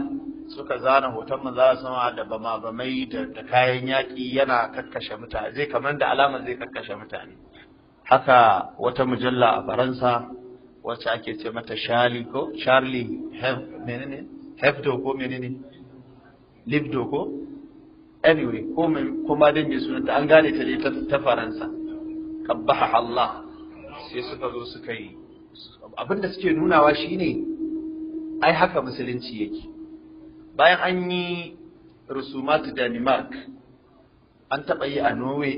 suka zana hoton manzo sama da bama bamai da kayan yaƙi yana kakkashe mutane zai kamar da alama zai kakkashe mutane haka wata mujalla a Faransa wacce ake ce mata Charlie ko Charlie menene hefto ko menene libdo ko anyway ko mai ma dan mai sunanta an gane ta ne ta faransa kabbaha Allah sai suka zo suka yi abinda suke nunawa shine ai haka musulunci yake bayan an yi rusumatu Denmark an taɓa yi a Norway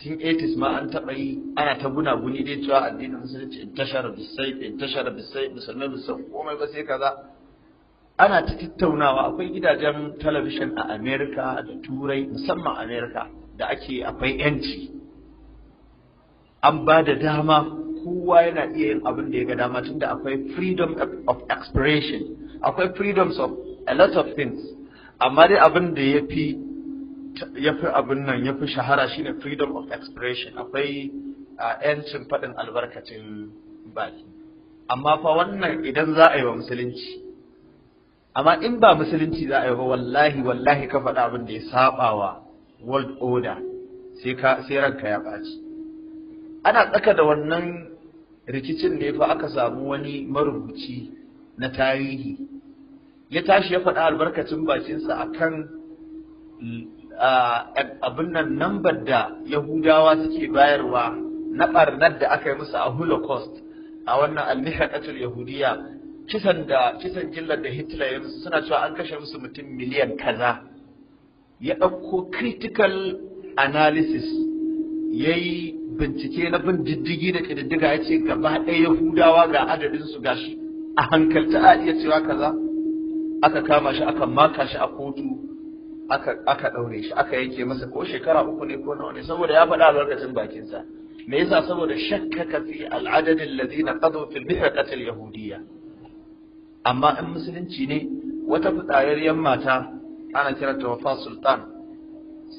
tun 80s ma an taɓa yi ana ta guni dai cewa addinin musulunci in tashara bisai in tashara bisai musulmai bisa komai ba sai kaza ana ta tattaunawa akwai gidajen talabishin a Amerika da Turai musamman Amerika da ake akwai yanci an ba da dama kowa yana iya yin abin da ya ga dama tunda akwai freedom of expression akwai freedoms of a lot of things amma dai abin da ya fi ya fi abin nan ya fi shahara shi ne freedom of expression akwai yancin faɗin albarkacin baki amma fa wannan idan za a yi wa musulunci amma in ba musulunci za a yi ba wallahi wallahi ka faɗa abin da ya sabawa world order sai ka ranka ya ɓaci ana tsaka da wannan rikicin ne fa aka samu wani marubuci na tarihi ya tashi ya faɗa albarkacin bakinsa akan abin nan nambar da yahudawa suke bayarwa na ɓarnar da aka yi musu a holocaust a wannan almihaqatul yahudiya kisan da kisan gillar da Hitler ya musu suna cewa an kashe musu mutum miliyan kaza ya ɗauko critical analysis ya yi bincike na bin diddigi da ƙididdiga ya ce gaba ɗaya Yahudawa ga adadinsu gashi a hankalta a iya cewa kaza aka kama shi aka maka shi a kotu aka ɗaure shi aka yanke masa ko shekara uku ne ko nawa ne saboda ya faɗa albarkacin bakinsa me yasa saboda shakkaka fi al'adadin ladina qadu fil al yahudiyya amma in musulunci ne wata fitsariyar mata ana kiranta wafa sultan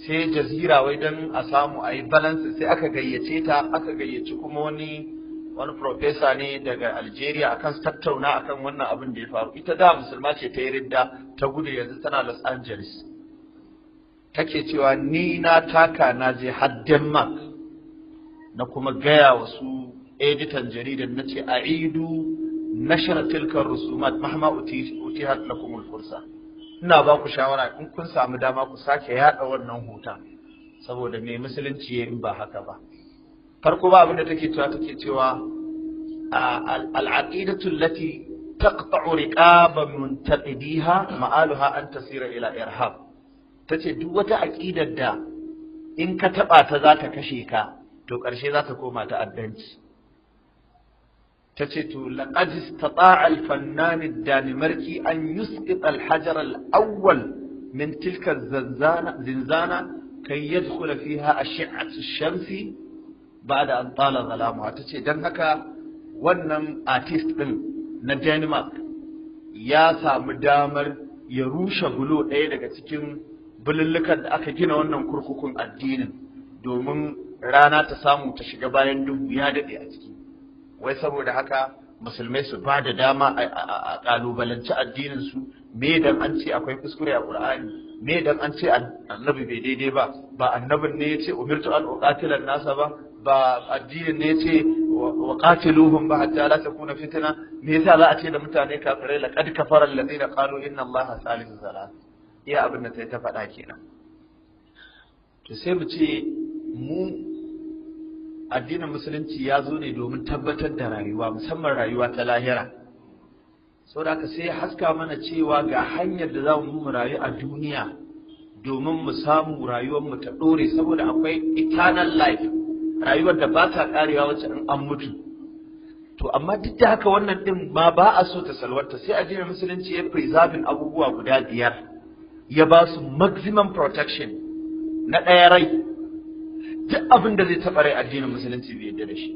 sai jazira wai don a samu a yi balance sai aka gayyace ta aka gayyaci kuma wani wani profesa ne daga Algeria akan tattauna akan wannan abin da ya faru ita da musulma ce ta yi rinda ta gudu yanzu tana Los Angeles take cewa ni na taka na je har Denmark na kuma gaya wasu editan jaridar na ce a idu nashar tilkar rusumat mahma utihat lakumul ina ba shawara in kun samu dama ku sake yada wannan huta saboda me musulunci ya ba farko ba abin da take cewa take ma'aluha an tasira ila irhab tace duk wata aqidar da in ka ta kashe ka to ƙarshe koma ta'addanci ta ce to laqad istata'a al-fannan ad-danimarki an yusqita al-hajar al-awwal min tilka zanzana zinzana kai yadkhula fiha ash'a'atu ash-shamsi ba'da an tala zalamuha ta ce dan haka wannan artist din na Denmark ya samu damar ya rushe bulo ɗaya daga cikin bulullukan da aka gina wannan kurkukun addinin domin rana ta samu ta shiga bayan duhu ya daɗe a ciki wai saboda haka musulmai su ba da dama a kalubalanci addininsu me dan an ce akwai kuskure a qur'ani me dan an ce annabi bai daidai ba ba annabin ne ya ce umirtu an uqatila nasa ba ba addinin ne ya ce wa qatiluhum ba hatta la takuna fitna me yasa za a ce da mutane kafirai laqad kafara alladhina qalu inna allaha salisu salat iya abin da sai ta faɗa kenan to sai mu ce mu addinin musulunci ya zo ne domin tabbatar da rayuwa musamman rayuwa ta lahira saboda haka sai haska mana cewa ga hanyar da za mu rayu a duniya domin mu samu rayuwar mu ta dore saboda akwai eternal life rayuwar da ba ta karewa wacce in an mutu to amma duk da haka wannan din ma ba a so ta salwarta sai addinin musulunci ya preserving abubuwa guda biyar ya ba su maximum protection na ɗaya rai duk abin da zai taɓa rai addinin musulunci bai yadda da shi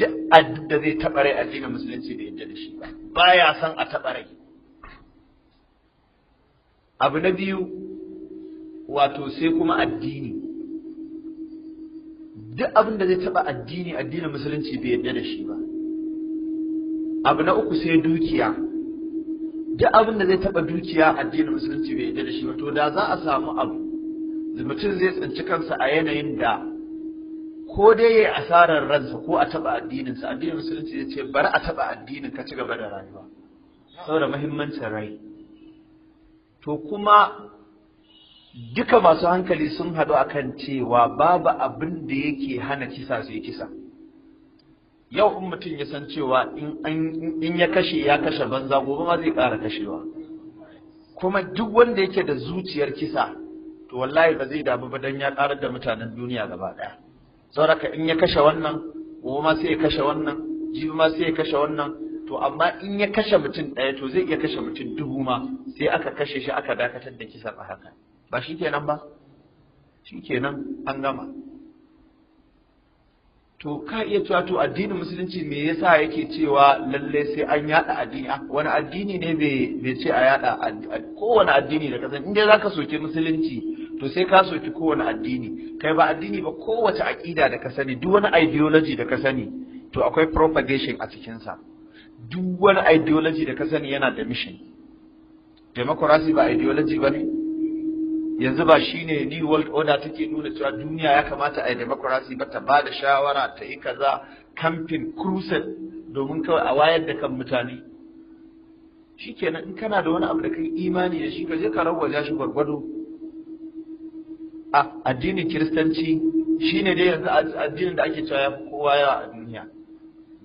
duk abin da zai taɓa rai addinin musulunci bai yadda da shi ba ya san a taɓa rai abu na biyu wato sai kuma addini duk abin da zai taɓa addini addinin musulunci bai yadda da shi ba abu na uku sai dukiya duk abin da zai taɓa dukiya addinin musulunci bai yadda da shi ba to da za a samu abu mutum zai tsinci kansa a yanayin da ko dai yayi asarar ransa ko a taɓa addininsa addinin musulunci ya ce bar a taɓa addinin ka ci gaba da rayuwa saboda muhimmancin rai to kuma duka masu hankali sun haɗu akan cewa babu abin da yake hana kisa sai kisa yau in mutum ya san cewa in ya kashe ya kashe banza gobe ma zai kara kashewa kuma duk wanda yake da zuciyar kisa to wallahi ba zai damu ba dan ya karar da mutanen duniya gaba daya sauraka in ya kashe wannan gobe ma sai ya kashe wannan jibi ma sai ya kashe wannan to amma in ya kashe mutum ɗaya to zai iya kashe mutum dubu ma sai aka kashe shi aka dakatar da kisan a haka ba shi kenan ba shi kenan an gama to ka iya cewa to addinin musulunci me yasa yake cewa lalle sai an yada addini ah, wani addini ne bai ce a yada kowane addini da kasan inda zaka soke musulunci to sai ka soki kowane addini kai ba addini ba kowace aƙida da ka sani duk wani ideology da ka sani to akwai propagation a cikinsa duk wani ideology da ka sani yana da mission democracy ba ideology ba ne yanzu ba shine new world order take nuna cewa duniya ya kamata a yi democracy ba ta bada shawara ta yi kaza kamfin crusade domin kawai a wayar da kan mutane Shi shikenan in kana da wani abu da kai imani da shi ka je ka rawwaja shi gwargwado a addinin kiristanci shine dai yanzu addinin da ake cewa kowa yawa a duniya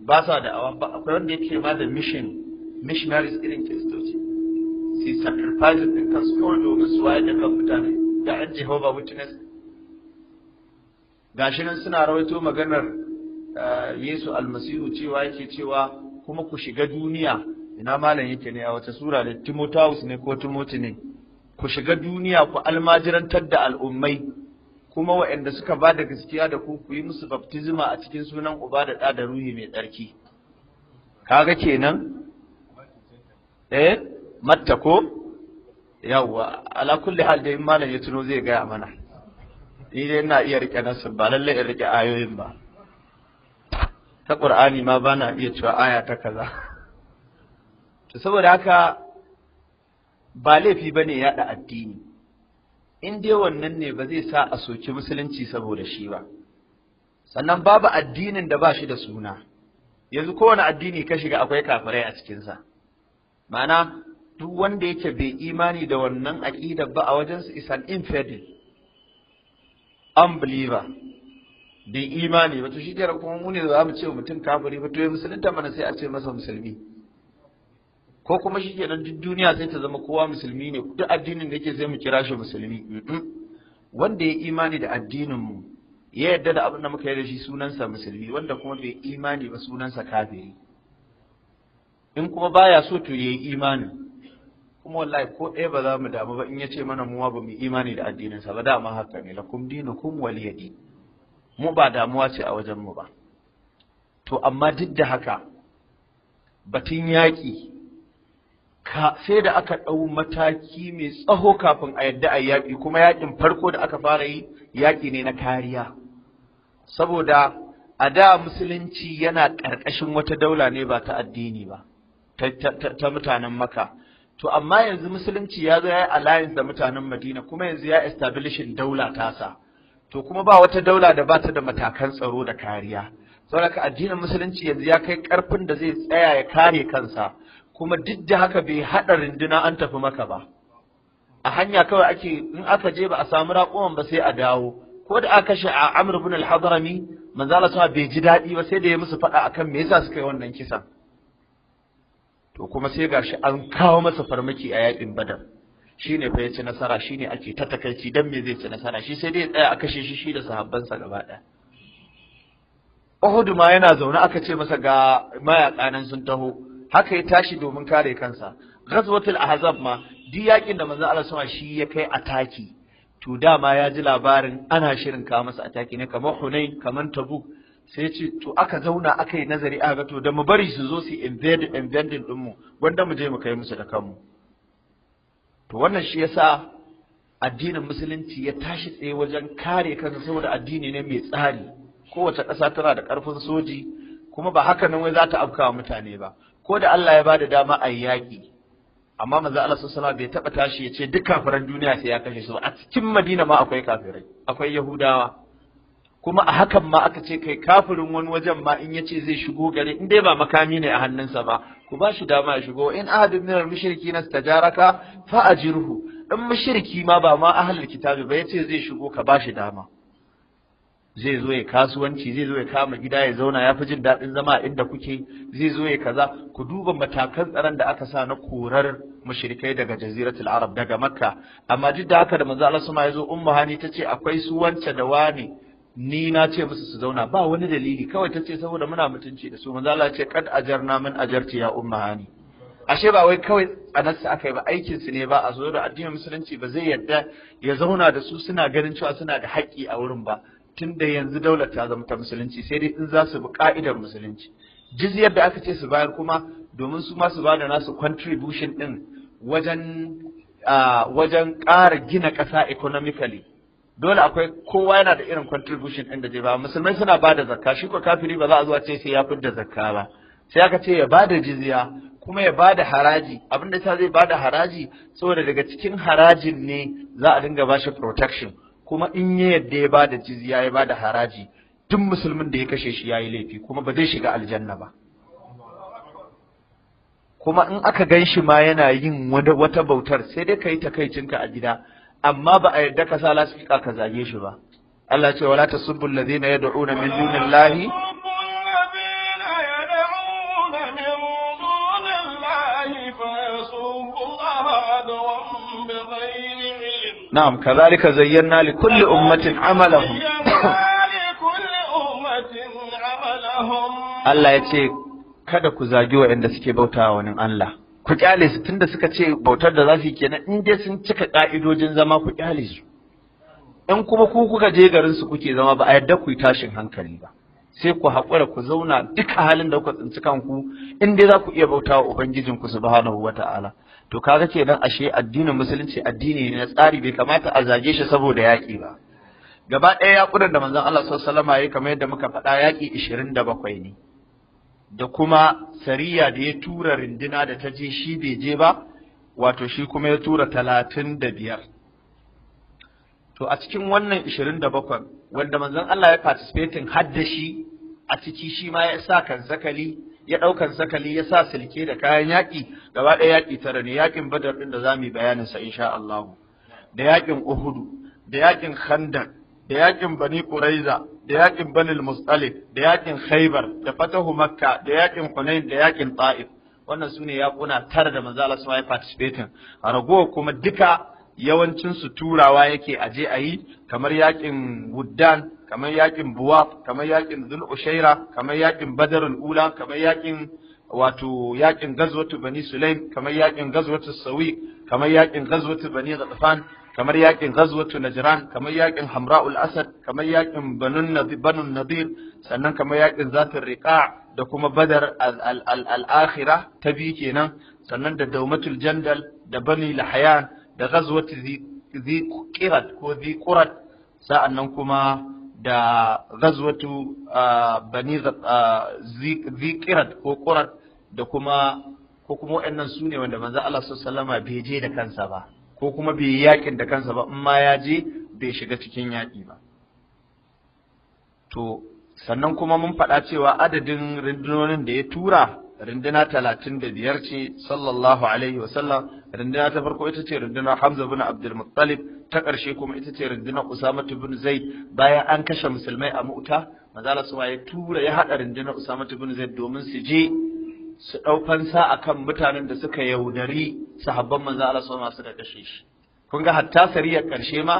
ba sa da awa ba akwai wanda yake ma da mission missionaries irin kiristoci si sacrifice din kansu kawai domin su wayar da kan mutane da an Jehovah Witness gashi nan suna rawaito maganar eh, Yesu almasihu cewa yake cewa kuma ku shiga duniya ina malam yake ne a wata sura da Timotheus ne ko Timothy ne ku shiga duniya ku almajirantar da al'ummai kuma waɗanda suka ba da gaskiya da ku ku yi musu baptisma a cikin sunan uba da ɗa da ruhi mai tsarki kaga kenan eh matta ko yawwa ala kulli hal dai malam ya tuno zai gaya mana ni dai ina iya rike nasu ba lalle in rike ayoyin ba ta qur'ani ma bana iya cewa aya ta kaza to saboda haka ba laifi ba ne yaɗa addini in dai wannan ne ba zai sa a soki musulunci saboda shi ba sannan babu addinin da ba shi da suna yanzu kowane addini ka shiga akwai kafirai a cikinsa ma'ana duk wanda yake bai imani da wannan aƙida ba a wajensu is an infidel unbeliever bai imani ba to shi kuma mu ne za mu ce mutum kafiri ba to ya musulunta mana sai a ce masa musulmi ko kuma shi ke duk duniya sai ta zama kowa musulmi ne duk addinin da yake sai mu kira shi musulmi wanda ya imani da addinin mu ya yarda da abin da muka yi da shi sunansa musulmi wanda kuma bai imani ba sunansa kafiri in kuma baya so to yayi imani kuma wallahi ko ɗaya ba za mu damu ba in ya ce mana muwa ba mu imani da addininsa ba dama haka ne lakum dinukum waliyadi mu ba damuwa ce a wajen mu ba to amma duk da haka batun yaƙi ka sai da aka ɗau mataki mai tsaho kafin a yadda a yaƙi kuma yaƙin farko da aka fara yi yaƙi ne na kariya saboda a da musulunci yana ƙarƙashin wata daula ne ba ta addini ba ta mutanen maka to amma yanzu musulunci ya zo ya yi alliance da mutanen madina kuma yanzu ya establishin daula tasa to kuma ba wata daula da ba ta da matakan tsaro da kariya saboda addinin musulunci yanzu ya kai ƙarfin da zai tsaya ya kare kansa kuma duk da haka bai haɗa rinduna an tafi maka ba a hanya kawai ake in aka je ba a samu raƙuman ba sai a dawo ko da aka kashe a Amr ibn al-Hadrami manzo Allah bai ji daɗi ba sai da ya musu faɗa akan me yasa suka yi wannan kisa. to kuma sai gashi an kawo masa farmaki a yakin Badar shine fa ya ci nasara shine ake ta takaici dan me zai ci nasara shi sai dai ya tsaya a kashe shi shi da sahabbansa gaba ɗaya Uhud ma yana zaune aka ce masa ga mayaka sun taho haka ya tashi domin kare kansa ghazwatul ahzab ma duk yakin da manzo Allah sama shi ya kai ataki to dama ya ji labarin ana shirin kawo masa ataki ne kamar Hunain kamar Tabuk sai ce to aka zauna aka yi nazari aka ga to da mu bari su zo su invade invading din mu wanda mu je mu kai musu da kanmu to wannan shi yasa addinin musulunci ya tashi tsaye wajen kare kansa saboda addini ne mai tsari kowace ƙasa tana da ƙarfin soji kuma ba haka nan wai za ta afkawa mutane ba ko da Allah ya bada dama a yaƙi amma manzo Allah sallallahu bai taba tashi ya ce duk kafiran duniya sai ya kashe su a cikin Madina ma akwai kafirai akwai Yahudawa kuma a hakan ma aka ce kai kafirin wani wajen ma in yace zai shigo gare in dai ba makami ne a hannunsa ba ku ba shi dama ya shigo in ahadun minal mushriki nastajaraka fa ajirhu in mushriki ma ba ma ahlul kitabi ba yace zai shigo ka ba shi dama zai zo ya kasuwanci zai zo ya kama gida ya zauna ya fi jin daɗin zama inda kuke zai zo ya kaza ku duba matakan tsaron da aka sa na korar mushrikai daga jaziratul arab daga makka amma duk da haka da manzo Allah sama ya zo ummu hani tace akwai su wance da wane ni na ce musu su zauna ba wani dalili kawai tace saboda muna mutunci da su manzo Allah ce kad ajarna min ajarti ya ummu hani ashe ba wai kawai anasta aka yi ba aikin su ne ba a zo da addinin musulunci ba zai yarda ya zauna da su suna ganin cewa suna da haƙƙi a wurin ba Tun da yanzu daular ta zama ta musulunci sai dai in za su bi ka'idar musulunci jizyar da aka ce su bayar kuma domin su ma su bada nasu contribution din wajen wajen ƙara gina ƙasa economically dole akwai kowa yana da irin contribution din da zai ba musulmai suna ba da zakka shi ko kafiri ba za a zuwa ce sai ya fidda zakka ba sai aka ce ya bada da jizya kuma ya bada da haraji abin da ta zai bada haraji saboda daga cikin harajin ne za a dinga bashi shi protection kuma in ya yadda ya bada jizya ya bada haraji duk musulmin da ya kashe shi yayi laifi kuma ba zai shiga aljanna ba kuma in aka gan shi ma yana yin wata bautar sai dai ka kai takaicinka a gida amma ba a yadda ka sa lasfika ka zage shi ba Allah ce wala tasubbu alladhina yad'una min dunillahi na'am kazalika zayyana li أمة ummatin amalahum Allah ya ce kada ku zagi waɗanda suke bautawa wani Allah ku kyale su tunda suka ce bautar da za su yi kenan in dai sun cika ka'idojin zama ku kyale su in kuma ku kuka je garin su kuke zama ba a yadda ku yi tashin hankali ba sai ku haƙura ku zauna duka halin da kuka tsinci kanku in dai za ku iya bauta wa ubangijinku subhanahu wata'ala to kaga kenan ashe addinin musulunci addini ne na tsari bai kamata a zage shi saboda yaki ba gaba ɗaya yaƙunan da manzon Allah sallallahu alaihi wasallam kamar yadda muka faɗa yaki 27 ne da kuma sariya da ya tura rindina da ta je shi bai je ba wato shi kuma ya tura 35 to a cikin wannan 27 wanda manzon Allah ya participating har da shi a ciki shi ma ya sa kan zakali ya ɗaukan sakali ya sa silke da kayan yaƙi gaba ɗaya yaƙi tare ne yaƙin badar ɗin da za mu yi bayanin sa insha Allah da yaƙin uhudu da yaƙin khandaq da yaƙin bani quraiza da yaƙin bani mustalif da yaƙin khaybar da fatahu makka da yaƙin hunain da yaƙin ta'if wannan sune yaƙuna tara da manzo Allah ya participating a ragowar kuma duka yawancinsu turawa yake aje a yi kamar yakin wuddan kamar yakin buwaf, kamar yakin zul ushaira kamar yakin badarul ula kamar yakin wato yakin gazwatu bani sulaim kamar yakin gazwatu sawi kamar yakin gazwatu bani ghatfan kamar yakin gazwatu najran kamar yakin hamra'ul asad kamar yakin banun banun nadir sannan kamar yakin zatin riqa da kuma badar al-akhirah ta bi kenan sannan da daumatul jandal da bani lahayan da ghazwat zi qirat ko zi qurat sa'annan kuma da ghazwatu bani zi qirat ko qurat da kuma ko kuma waɗannan su ne wanda manzo Allah sallallahu alaihi bai je da kansa ba ko kuma bai yakin da kansa ba in ma ya je bai shiga cikin yaƙi ba to sannan kuma mun faɗa cewa adadin rundunonin da ya tura runduna talatin da biyar ce sallallahu alaihi wasallam runduna ta farko ita ce rundunar hamza bin Abdul muttalib ta ƙarshe kuma ita ce rundunar usama bin zaid bayan an kashe musulmai a mu'ta manzala su ya tura ya haɗa runduna usama bin zaid domin su je su ɗau fansa akan mutanen da suka yaudari sahabban manzala su masu da kashe shi kun ga hatta sariyar ƙarshe ma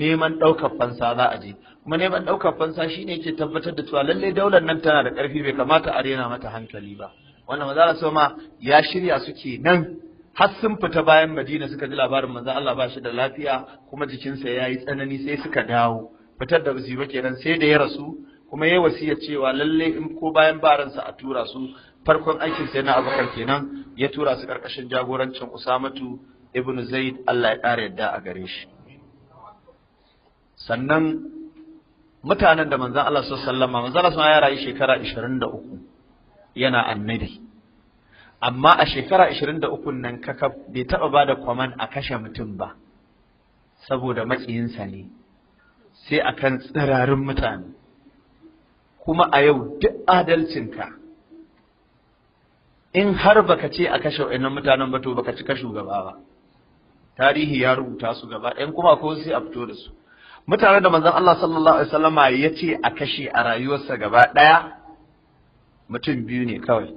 neman ɗaukar fansa za a je kuma neman ɗaukar fansa shi shine ke tabbatar da cewa lallai daular nan tana da ƙarfi bai kamata a rena mata hankali ba wannan maza su ma ya shirya suke nan har sun fita bayan Madina suka ji labarin maza Allah ba shi da lafiya kuma jikinsa ya yi tsanani sai suka dawo fitar da su kenan sai da ya rasu kuma yayi wasiya cewa lallai in ko bayan baransa a tura su farkon aikin sai na Abubakar kenan ya tura su karkashin jagorancin Usamatu ibn Zaid Allah ya ƙara yadda a gare shi sannan mutanen da manzan Allah sallallahu alaihi wasallam ya rayu shekara 23 yana annabi amma a shekara 23 nan kaka bai taba bada kwaman a kashe mutum ba saboda matsayinsa ne sai akan tsirarin mutane kuma a yau duk adalcinka in har baka ce a kashe wa'annan mutanen ba to baka kashu shugaba ba tarihi ya rubuta su gaba ɗayan kuma ko sai a fito da su mutane da manzon Allah sallallahu alaihi wasallama ya ce a kashe a rayuwarsa gaba ɗaya mutum biyu ne kawai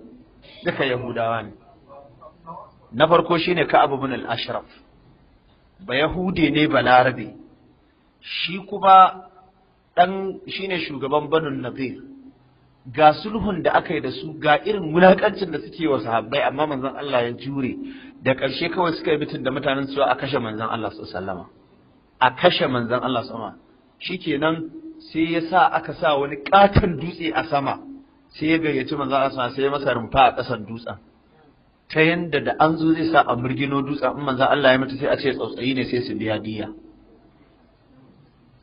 duka yahudawa ne na farko shine ka'ab ibn al-ashraf ba yahude ne balarabe shi kuma dan shine shugaban banu nadir ga sulhun da aka yi da su ga irin wulakancin da suke wa sahabbai amma manzon Allah ya jure da ƙarshe kawai suka yi mutum da mutanen su a kashe manzon Allah sallallahu alaihi wasallama a kashe manzon Allah sama shi kenan sai ya sa aka sa wani katon dutse a sama sai ya gayyaci manzon Allah sama sai ya masa rumfa a ƙasan dutsen ta yadda da an zo zai sa a murgino dutsen in manzon Allah ya mutu sai a ce tsautsayi ne sai su biya diya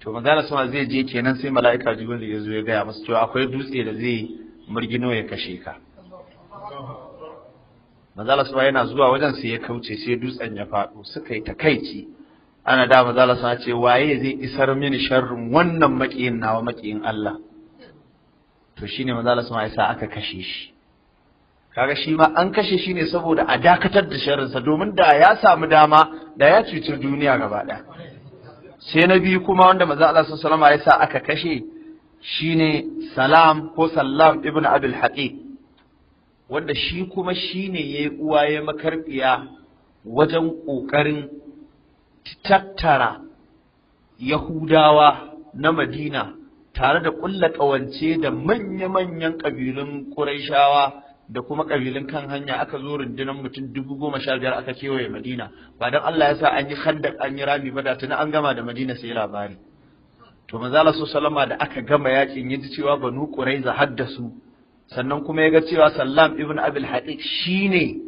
to manzon Allah sama zai je kenan sai mala'ika jibril ya zo ya gaya masa cewa akwai dutse da zai murgino ya kashe ka manzon Allah yana zuwa wajen sai ya kauce sai dutsen ya faɗo suka yi takaici ana da maza Allah ce waye zai isar mini sharrin wannan makiyin nawa makiyin Allah to shine maza Allah ya aka kashe shi kaga shi ma an kashe shi ne saboda a dakatar da sa domin da ya samu dama da ya cuci duniya gaba sai na biyu kuma wanda maza Allah sallallahu alaihi ya aka kashe shine salam ko sallam ibn abul haqiq wanda shi kuma shine yayi uwa ya makarfiya wajen kokarin tattara Yahudawa na Madina tare da ƙulla ƙawance da manya-manyan ƙabilun Ƙurayshawa da kuma ƙabilun kan hanya aka zo rundunar mutum dubu goma sha biyar aka kewaye Madina ba don Allah ya sa an yi khandak an yi rami ba da tuni an gama da Madina sai labari to manzo Allah salama da aka gama yakin yaji cewa banu Qurayza haddasu sannan kuma ya ga cewa Sallam ibn Abil Hadiq shine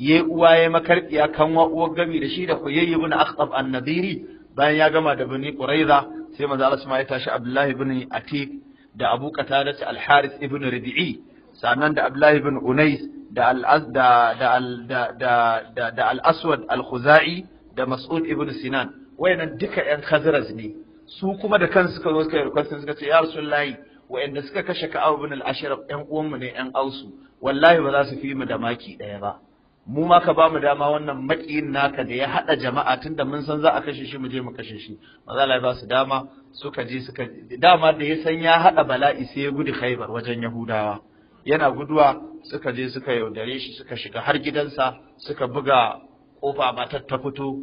ya uwa ya a kanwa uwar gami da shi da kuyayyi ibn akhtab an-nadiri bayan ya gama da bani quraiza sai manzo Allah ya tashi abdullahi bin atiq da abu qatada al-harith ibn rabi'i sannan da abdullahi bin unais da al da da da al-aswad al-khuzai da mas'ud ibn sinan wayannan duka yan khazraj ne su kuma da kansu suka zo suka request suka ce ya rasulullahi wayanda suka kashe ka'ab ibn al-ashraf yan uwanmu ne yan ausu wallahi ba za su fi mu da maki daya ba mu ma ka bamu dama wannan makiyin naka da ya haɗa jama'a tunda mun san za a kashe shi mu je mu kashe shi maza Allah ya ba su dama suka je suka dama da ya san ya hada bala'i sai ya gudu Khaibar wajen Yahudawa yana guduwa suka je suka yaudare shi suka shiga har gidansa suka buga kofa matar ta fito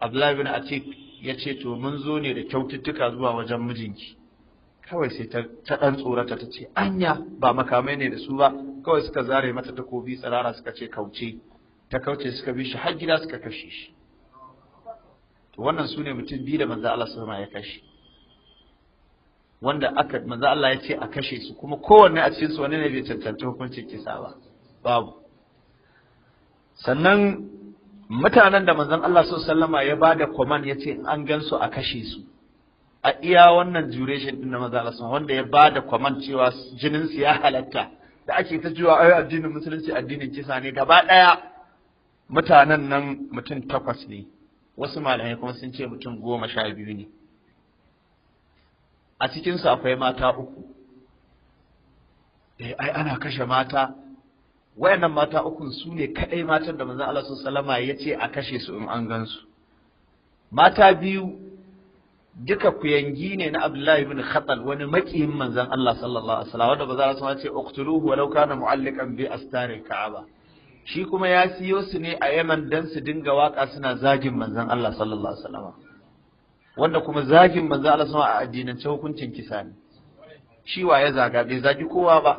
Abdullahi bin Atik ya ce to mun zo ne da kyaututtuka zuwa wajen mijinki kawai sai ta ɗan tsorata ta ce anya ba makamai ne da su ba kawai suka zare mata takobi tsirara suka ce kauce ta kauce suka bi shi har gida suka kashe shi to wannan sune mutum biyu da manzo Allah sallallahu ya kashe wanda aka manzo Allah ya ce a kashe su kuma kowanne a cikin su wani ne bai cancanta hukuncin kisa ba babu sannan mutanen da manzon Allah sallallahu sallama ya bada command ya ce an gan su a kashe su a iya wannan duration din na manzo Allah wanda ya bada command cewa jinin su ya halatta da ake ta cewa ai addinin musulunci addinin kisa ne gaba ɗaya mutanen nan mutum takwas ne wasu malamai kuma sun ce mutum goma sha biyu ne a cikinsu akwai mata uku eh ai ana kashe mata wayannan mata ukun su ne kaɗai matan da manzon Allah sallallahu alaihi wasallam ya ce a kashe su in an su. mata biyu duka kuyangi ne na Abdullahi ibn Khatal wani makiyin manzon Allah sallallahu alaihi wasallam wanda a sun ce uqtuluhu walau kana mu'allikan bi astari Ka'aba shi kuma ya siyo su ne a Yemen dan su dinga waka suna zagin manzon Allah sallallahu alaihi wasallam wanda kuma zagin manzon Allah sallallahu alaihi wasallam a addinance hukuncin kisa ne shi wa ya zaga bai zagi kowa ba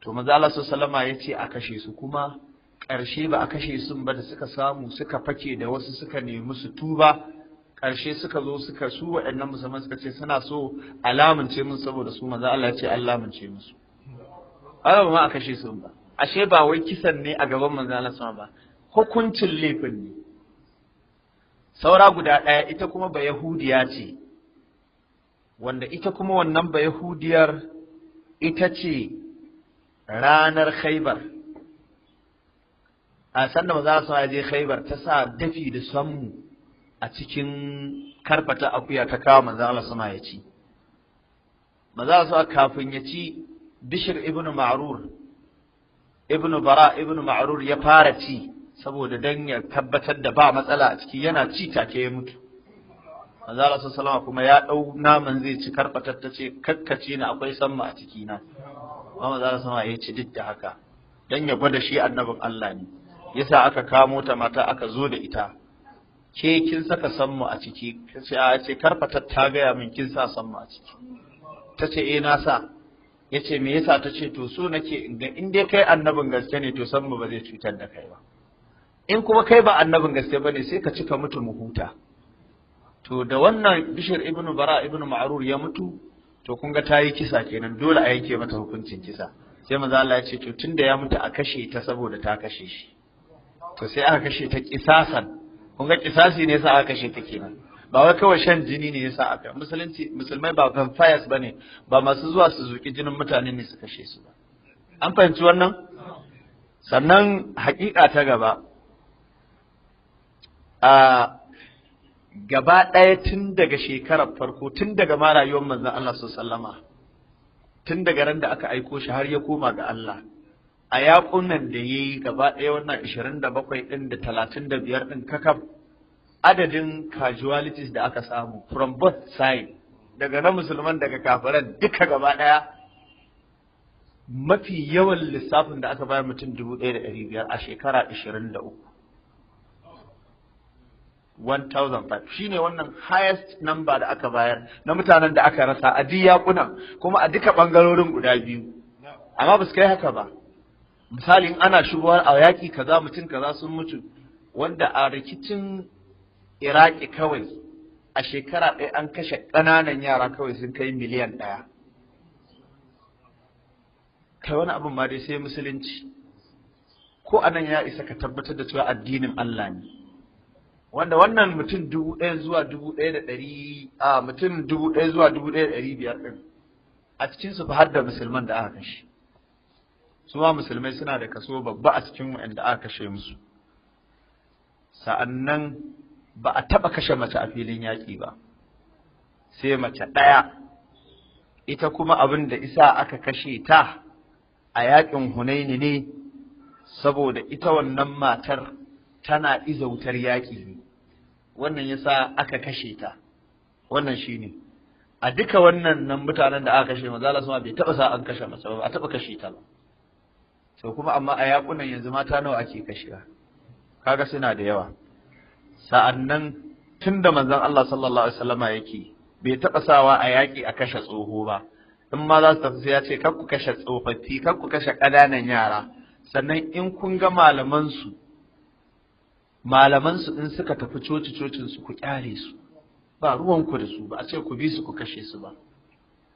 to manzon Allah sallallahu alaihi wasallam ya ce a kashe su kuma ƙarshe ba a kashe sun ba da suka samu suka fake da wasu suka nemi su tuba ƙarshe suka zo suka su waɗannan musamman suka ce suna so a lamunce musu saboda su maza Allah ce an lamunce musu Allah ma a kashe su ba ashe ba wai kisan ne a gaban manzo Allah sama ba hukuncin laifin ne saura guda ɗaya ita kuma ba yahudiya ce wanda ita kuma wannan ba yahudiyar ita ce ranar khaibar a sanda maza su sama ya je khaibar ta sa dafi da sammu a cikin karfata akuya ta kawo manzan Allah sama ya ci Manzan Allah kafin ya ci Bishir ibn Ma'rur ibn Bara ibn Ma'rur ya fara ci saboda don ya tabbatar da ba matsala a ciki yana ci take ya mutu Manzan Allah sama kuma ya ɗau naman zai ci karfatar ta ce kakkace ni akwai samma a ciki na manzan Allah sama ya ci duk da haka don ya gwada shi annabin Allah ne yasa aka kamo ta mata aka zo da ita ke kin saka sammu a ciki ta ce a ce karfata ta gaya min kin sa sammu a ciki ta ce eh na sa ya me yasa ta ce to so nake ga in dai kai annabin gaske ne to mu ba zai cutar da kai ba in kuma kai ba annabin gaske bane sai ka cika mutu mu huta to da wannan bishir ibnu bara ibnu ma'rur ya mutu to kun ga ta yi kisa kenan dole a yanke mata hukuncin kisa sai manzo Allah ya ce to tunda ya mutu a kashe ta saboda ta kashe shi to sai aka kashe ta kisasan kun ga kisasi ne yasa aka kashe ta kenan ba wai kawai shan jini ne yasa aka musulunci musulmai ba vampires bane ba masu zuwa su zuki jinin mutane ne su kashe su ba an fahimci wannan sannan haƙiƙa ta gaba a gaba ɗaya tun daga shekarar farko tun daga ma rayuwar manzon Allah sallallahu alaihi wasallama tun daga ran da aka aiko shi har ya koma ga Allah a yakunan da ya yi gaba ɗaya wannan 27 da bakwai ɗin da talatin da biyar ɗin kakaf adadin casualties da aka samu from both sides daga na musulman daga kafiran duka gaba ɗaya mafi yawan lissafin da aka bayar mutum dubu ɗaya da ɗari biyar a shekara ashirin da uku 1,005 wannan highest number da aka bayar na mutanen da aka rasa a duk yakunan kuma a duka ɓangarorin guda biyu amma ba su kai haka ba Misali, ana shigowa a yaƙi kaza mutum kaza sun mutu wanda a rikicin iraki kawai a shekara ɗaya an kashe ƙananan yara kawai sun kai miliyan ɗaya kai wani abin ma dai sai musulunci ko anan ya isa ka tabbatar da cewa addinin Allah ne wanda wannan mutum dubu ɗaya zuwa dubu ɗaya da ɗari a mutum dubu ɗaya zuwa dubu ɗaya da ɗari biyar ɗin a cikinsu fa har da musulman da aka kashe su ma musulmai suna da kaso babba a cikin wa'anda aka kashe musu sa'annan ba a taba kashe mace a filin yaƙi ba sai mace ɗaya ita kuma abin da isa aka kashe ta a yaƙin hunaini ne saboda ita wannan matar tana izautar yaƙi ne, wannan yasa aka kashe ta wannan shi ne. a duka wannan nan mutanen da aka kashe maza Allah bai taɓa sa an kashe masa ba a taɓa kashe ta ba to kuma amma a yakunan yanzu mata nawa ake kashewa kaga suna da yawa sa'annan tunda manzan Allah sallallahu alaihi wasallama yake bai taba sawa a yaki a kashe tsoho ba in ma za su tafi sai ya ce kar ku kashe tsofaffi kar ku kashe ƙananan yara sannan in kun ga malamansu malamansu in suka tafi coci cocin su ku kyare su ba ruwanku da su ba a ce ku bi su ku kashe su ba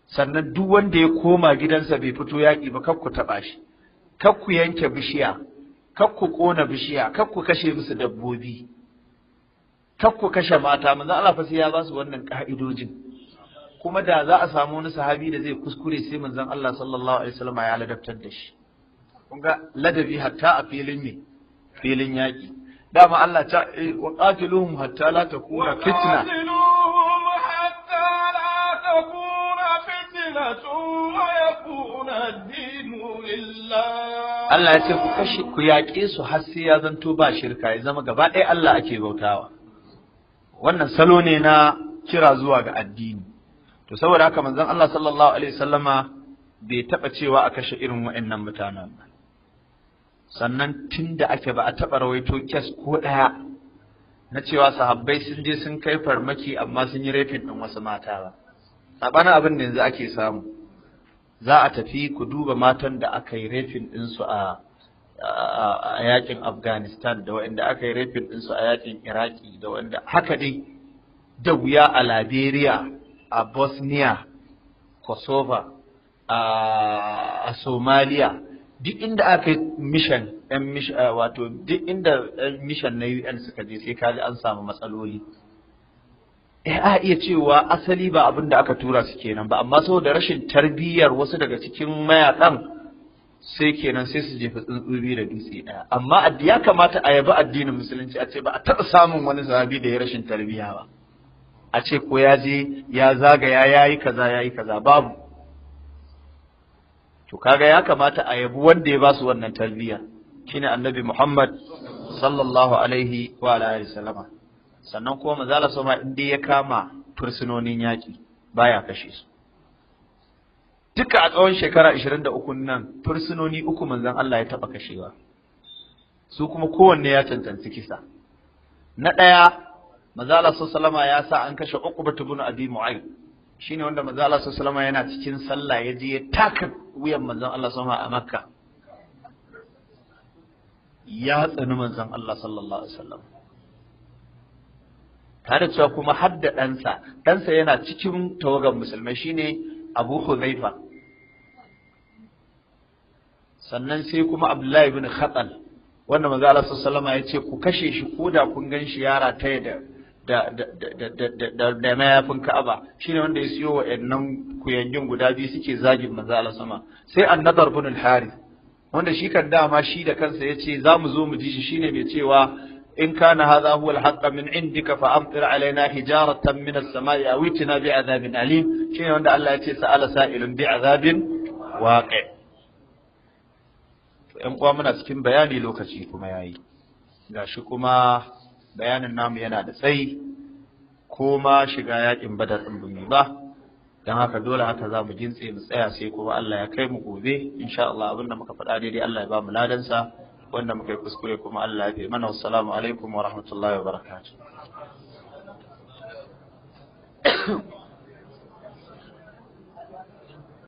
sannan duk wanda ya koma gidansa bai fito yaƙi ba kar ku taɓa shi kar ku yanke bishiya kar ku ƙona bishiya kar ku kashe musu dabbobi kar ku kashe mata mun Allah fa sai ya ba su wannan ka'idojin kuma da za a samu wani sahabi da zai kuskure sai manzon Allah sallallahu alaihi wasallam ya ladabtar da shi kun ga ladabi hatta a filin ne filin yaki dama Allah ta eh, wa qatiluhum hatta la takuna fitna الدين لله Allah ya ce ku kashe ku yaƙe su har sai ya zanto ba shirka ya zama gaba ɗaya Allah ake bautawa wannan salo ne na kira zuwa ga addini to saboda haka manzon Allah sallallahu alaihi wasallama bai taɓa cewa a kashe irin waɗannan mutanen ba sannan tun ake ba a taɓa rawaito kes ko ɗaya na cewa sahabbai sun je sun kai farmaki amma sun yi rafin ɗin wasu mata ba saɓanin abin da yanzu ake samu za a tafi ku duba matan da aka yi rafin ɗinsu a yakin afghanistan da wanda aka yi rafin ɗinsu a yakin iraki da wanda haka dai da wuya a liberia a bosnia Kosova, a somalia duk inda aka yi mishan wato duk inda mishan na un suka je sai kaji an samu matsaloli Eh, a iya cewa asali ba abin da aka tura su kenan ba amma saboda rashin tarbiyyar wasu daga cikin mayakan sai kenan sai su jefa tsuntsubi da dutse ɗaya amma ya kamata a yabi addinin musulunci a ce ba a taɓa samun wani sahabi da ya rashin tarbiyya ba a ce ko ya je ya zagaya ya yi kaza ya yi kaza babu to kaga ya kamata a yabi wanda ya basu wannan tarbiyya shine annabi Muhammad sallallahu alaihi wa alihi wasallama sannan kuma manzala sama in dai ya kama fursunonin yaƙi baya kashe su duka a tsawon shekara 23 nan fursunoni uku manzon Allah ya taɓa kashewa su kuma kowanne ya cancanci kisa na ɗaya mazala sallama ya sa an kashe uqbatu ibn abi mu'ayy shine wanda mazala sallama yana cikin sallah ya je ya taka wuyan manzon Allah sama a makka ya tsani manzon Allah sallallahu alaihi wasallam tare cewa kuma har da ɗansa ɗansa yana cikin tawagar musulmai shine abu huzaifa sannan sai kuma abdullahi bin khatal wanda maza Allah sallallahu ya ce ku kashe shi ko da kun gan shi yara ta da da da da mayafin Ka'aba shine wanda ya siyo wa wa'annan kuyangin guda biyu suke zagin maza Allah sama sai annadar bin al-harith wanda shi kan dama shi da kansa ya ce za mu zo mu ji shi shine mai cewa إن كان هذا هو الحق من عندك فأمطر علينا حجارة من السماء أو ائتنا بعذاب أليم شيء عند الله يتي سأل سائل بعذاب واقع ‘yan kuwa muna cikin bayani lokaci kuma ya yi, ga shi kuma bayanin namu yana da tsayi, ko ma shiga yakin badar ɗin ba, don haka dole haka za mu gintse mu tsaya sai kuma Allah ya kai mu gobe, insha Allah abin muka faɗa daidai Allah ya bamu mu ladansa. wanda muka yi kuskure kuma Allah ya mana wassalamu alaikum wa rahmatullahi wa barakatuh